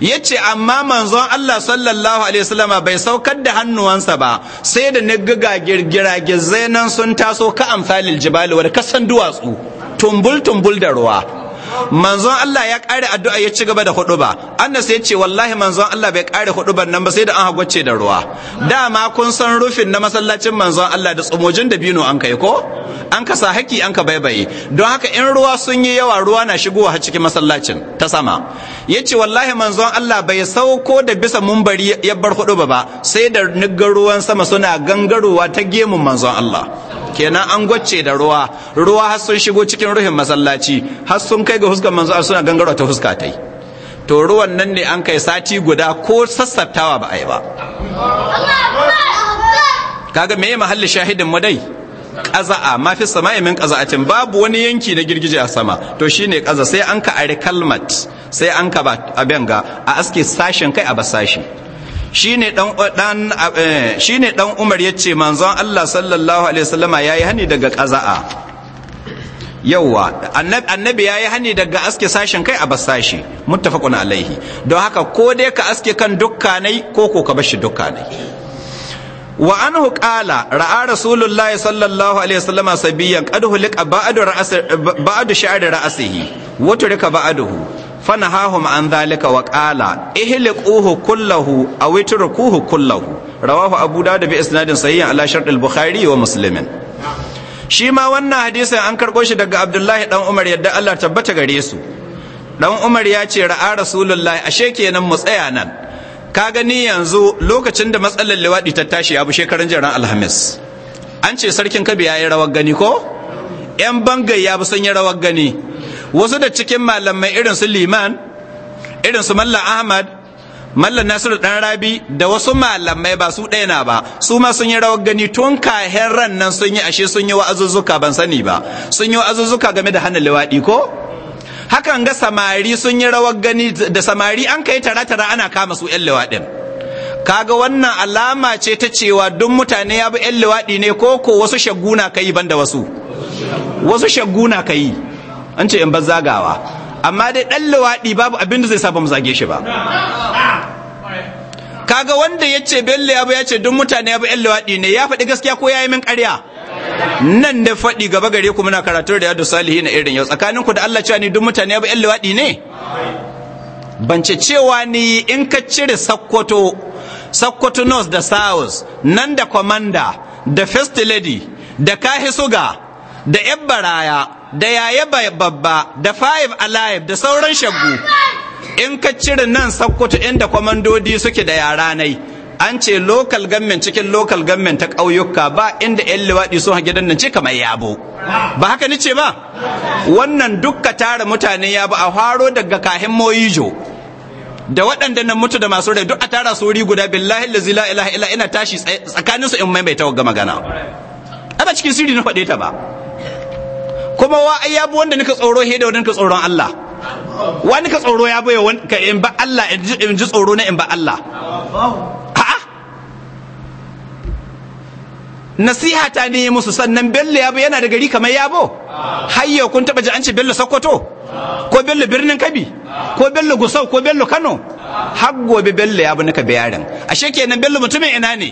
Ya ce amma manzon Allah sallallahu alaihi wasallama bai saukar da hannuwansa ba sai da na giga girgira nan sun taso ka amsalil jibali wadda kasan duwatsu tumbul tumbul da ruwa manzon Allah ya ƙare addu'a ya ci gaba da ba annas ya ce wallahi manzon Allah bai ƙare ban nan ba sai da an hagwace da ruwa dama kun san rufin na masallacin manzon Allah da tsumojin da bino an kai ko an ka sa haki an ka baibaye don haka in ruwa sun yi yawa ruwa na shigowa a cikin masallacin ta sama ya ce wallahi manzon Allah bai sauko da bisa mumbari ya bar hudu ba sai da niggar ruwan sama suna gangarowa ta gemun manzon Allah kenan an gwacce da ruwa ruwa har sun shigo cikin ruhin masallaci har sun kai ga huskar manzo suna gangara ta huska tai to ruwan nan ne an kai sati guda ko sassaftawa ba a yi ba kaga me mahalli shahidin mu dai qaza'a ma fi sama'i min qaza'atin babu wani yanki na girgije a sama to shine qaza sai an ka ari kalmat sai an ka ba abin a aske sashin kai a basashi shine dan dan eh, shine dan Umar yace manzon Allah sallallahu alaihi wasallama yayi hani daga qaza'a yawa annabi yayi hani daga aske sashin kai a basashi muttafaqun alaihi don haka ko dai ka aske kan dukkanai ko ko ka bashi dukkanai wa anhu qala ra'a rasulullahi sallallahu alaihi wasallama sabiyan qad hulika ba'du ra'as ba'du sha'ri ra'asihi wa turika ba'duhu fanahahum an zalika wa qala ihliquhu kullahu aw itrukuhu kullahu rawahu abu dawud bi isnadin sahih ala shart al-bukhari wa muslimin shi ma wannan hadisin an karɓo shi daga abdullahi dan umar yadda Allah tabbata gare su dan umar ya ce ra'a rasulullahi ashe kenan mu tsaya nan ka gani yanzu lokacin da matsalar liwadi ta tashi abu shekaran jaran alhamis an ce sarkin ya yi rawar gani ko yan bangai ya bi sun yi rawar gani wasu da cikin malamai irin su liman irin su mallan ahmad mallan nasiru dan rabi da wasu malamai ba su ɗaya na ba su ma sun yi rawar gani tun kahin ran nan sun yi ashe sun yi wa'azuzzuka ban sani ba sun yi wa'azuzzuka game da hana liwaɗi ko hakan ga samari sun yi rawar gani da samari an kai tara-tara ana kama su 'yan liwaɗin kaga wannan alama ce ta cewa duk mutane ya bi 'yan liwaɗi ne ko ko wasu shagguna ka yi banda wasu wasu shagguna ka yi an ce in bar zagawa amma dai ɗan luwaɗi babu abin da zai sa ba mu zage shi ba kaga wanda ya ce bello ya ya ce duk mutane ya bi yan luwaɗi ne ya faɗi gaskiya ko ya yi min ƙarya nan da faɗi gaba gare ku muna karatu da yadda salihi na irin yau tsakanin ku da Allah cewa ni duk mutane ya bi yan luwaɗi ne Ban ce cewa ni in ka cire sakkwato sakkwato north da south nan da commander da first lady da kahi suga da yan baraya da yaya babba da five alive da sauran shaggu in ka cire nan sakkwato inda kwamandodi suke da yara nai an ce local government cikin lokal government ta ƙauyuka ba inda 'yan liwaɗi sun gidan nan ce kamar yabo ba haka ni ce ba wannan dukka tara mutane yabo a haro daga kahin moyijo da waɗanda nan mutu da masu rai duk a tara su wuri guda billahi lazi la ilaha illa ina tashi tsakaninsu in maimaita wa magana ana cikin sirri na faɗe ta ba kuma wa ai yabo wanda nika tsoro he da wanda nika tsoron Allah wa nika tsoro ya bai in ba Allah in ji tsoro na in ba Allah a'a nasiha ta ne musu sannan bello yabo yana da gari kamar yabo hayyo kun taba ji an ce bello sokoto ko bello birnin kabi ko bello gusau ko bello kano har gobe bello yabo nika bayarin ashe kenan bello mutumin ina ne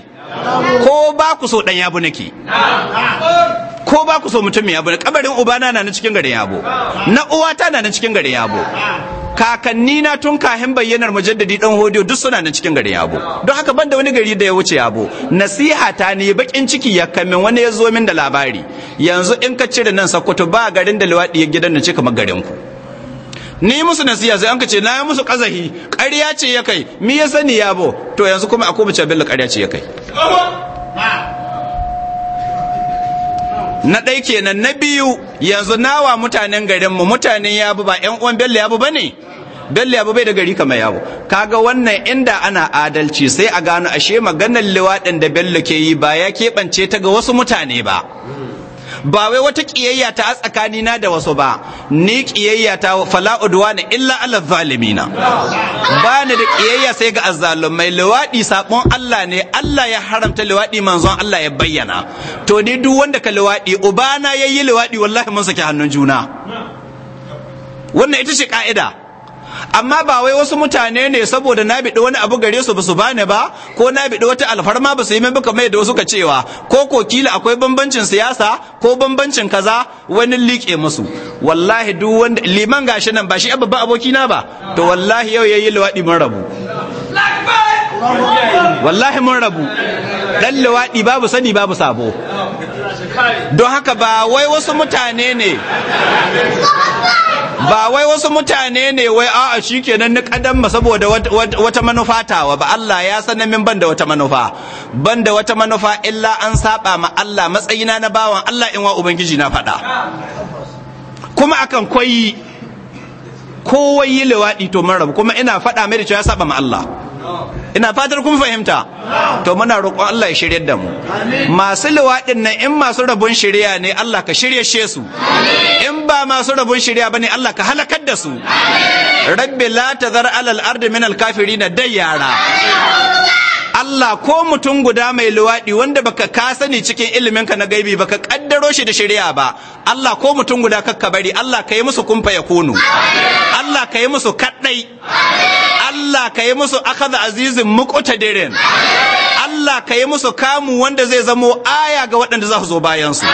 ko ba ku so dan yabo nake ko ba ku so mutum ya abu kabarin ubana na na cikin garin yabo na uwata na na cikin garin yabo kakanni na tun kahin bayyanar mujaddadi dan hodiyo duk suna nan cikin garin yabo don haka ban da wani gari da ya wuce yabo nasiha ta ne bakin ciki ya kamin wani ya zo min da labari yanzu in ka cire nan sakkwato ba garin da luwaɗi ya gidan nan ce kamar garin ku ni musu nasiha sai an ka ce na yi musu kazahi ƙarya ce ya kai mi ya sani yabo to yanzu kuma a ko mace bello ƙarya ce ya kai na ɗai kenan na biyu yanzu nawa mutanen garinmu mutanen yabu ba yan uwan bello yabu ba ne bello yabu bai da gari kamar yabu kaga wannan inda ana adalci sai a gano ashe maganar liwaɗin da bello ke yi ba ya keɓance ta ga wasu mutane ba ba wai wata kiyayya ta tsakani na da wasu ba ni kiyayya ta fala udwana illa ala zalimina ba ni da kiyayya sai ga azzalumai liwadi sabon Allah ne Allah ya haramta liwadi manzon Allah ya bayyana to ni duk wanda ka liwadi ubana yayi liwadi wallahi mun saki hannun juna wannan ita ce ka'ida amma ba wai wasu mutane ne saboda na biɗi wani abu gare su ba su bani ba ko na biɗi wata alfarma ba su yi min kamar yadda wasu ka cewa ko ko kila akwai bambancin siyasa ko bambancin kaza wani liƙe musu wallahi duk wanda liman gashi nan ba shi babban aboki na ba to wallahi yau yayi luwaɗi mun rabu wallahi mun rabu dan luwaɗi babu sani babu sabo don haka ba wai wasu mutane ne ba wai wasu mutane ne wai a'a kenan ni ma saboda wata manufa tawa ba Allah ya san min ban da wata manufa ban da wata manufa illa an saba ma Allah matsayina na bawan Allah in wa ubangiji na faɗa kuma akan koyi kowai yi liwaɗi to mun rabu kuma ina faɗa mai da cewa ya saba ma Allah ina fatar kun fahimta to muna roƙo Allah ya shirye da mu masu luwaɗin nan in masu rabon shirya ne Allah ka shirye she su in ba masu rabon shirya bane Allah ka halakar da su rabbi la tazar alal ardi min al kafirin da yara Allah ko mutum guda mai luwaɗi wanda baka ka sani cikin iliminka na gaibi baka kaddaro shi da shari'a ba Allah ko mutum guda kakka bari Allah ka yi musu kumfa ya kunu Allah ka yi musu kaɗai Allah ka yi musu akaza azizin diren. Allah ka yi musu kamu wanda zai zamo aya ga waɗanda za su zo bayansu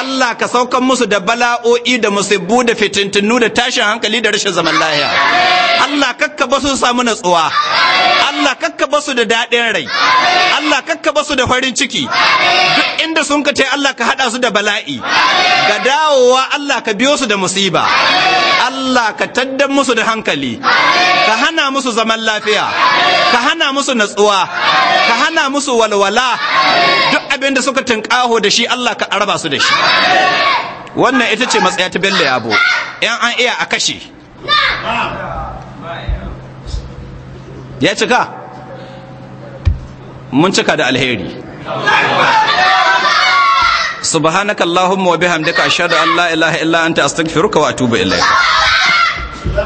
Allah ka saukan musu da bala'o'i da musibbu da fitintinu da tashin hankali da rashin zaman lahiya Allah ka kakka basu su samu natsuwa Allah kakka basu da daɗin rai Allah kakka basu da farin ciki duk inda sun ka tai Allah ka haɗa su da bala'i ga dawowa Allah ka biyo su da musiba Allah ka taddan musu da hankali ka hana musu zaman lafiya ka hana musu natsuwa ka hana musu walwala duk abin da suka tunƙaho da shi Allah ka araba su da shi wannan ita ce matsaya ta bello yabo yan an iya a kashe ya cika mun cika da alheri subhanakallahumma wa bihamdika ashhadu an la ilaha illa anta astaghfiruka wa atubu ilayk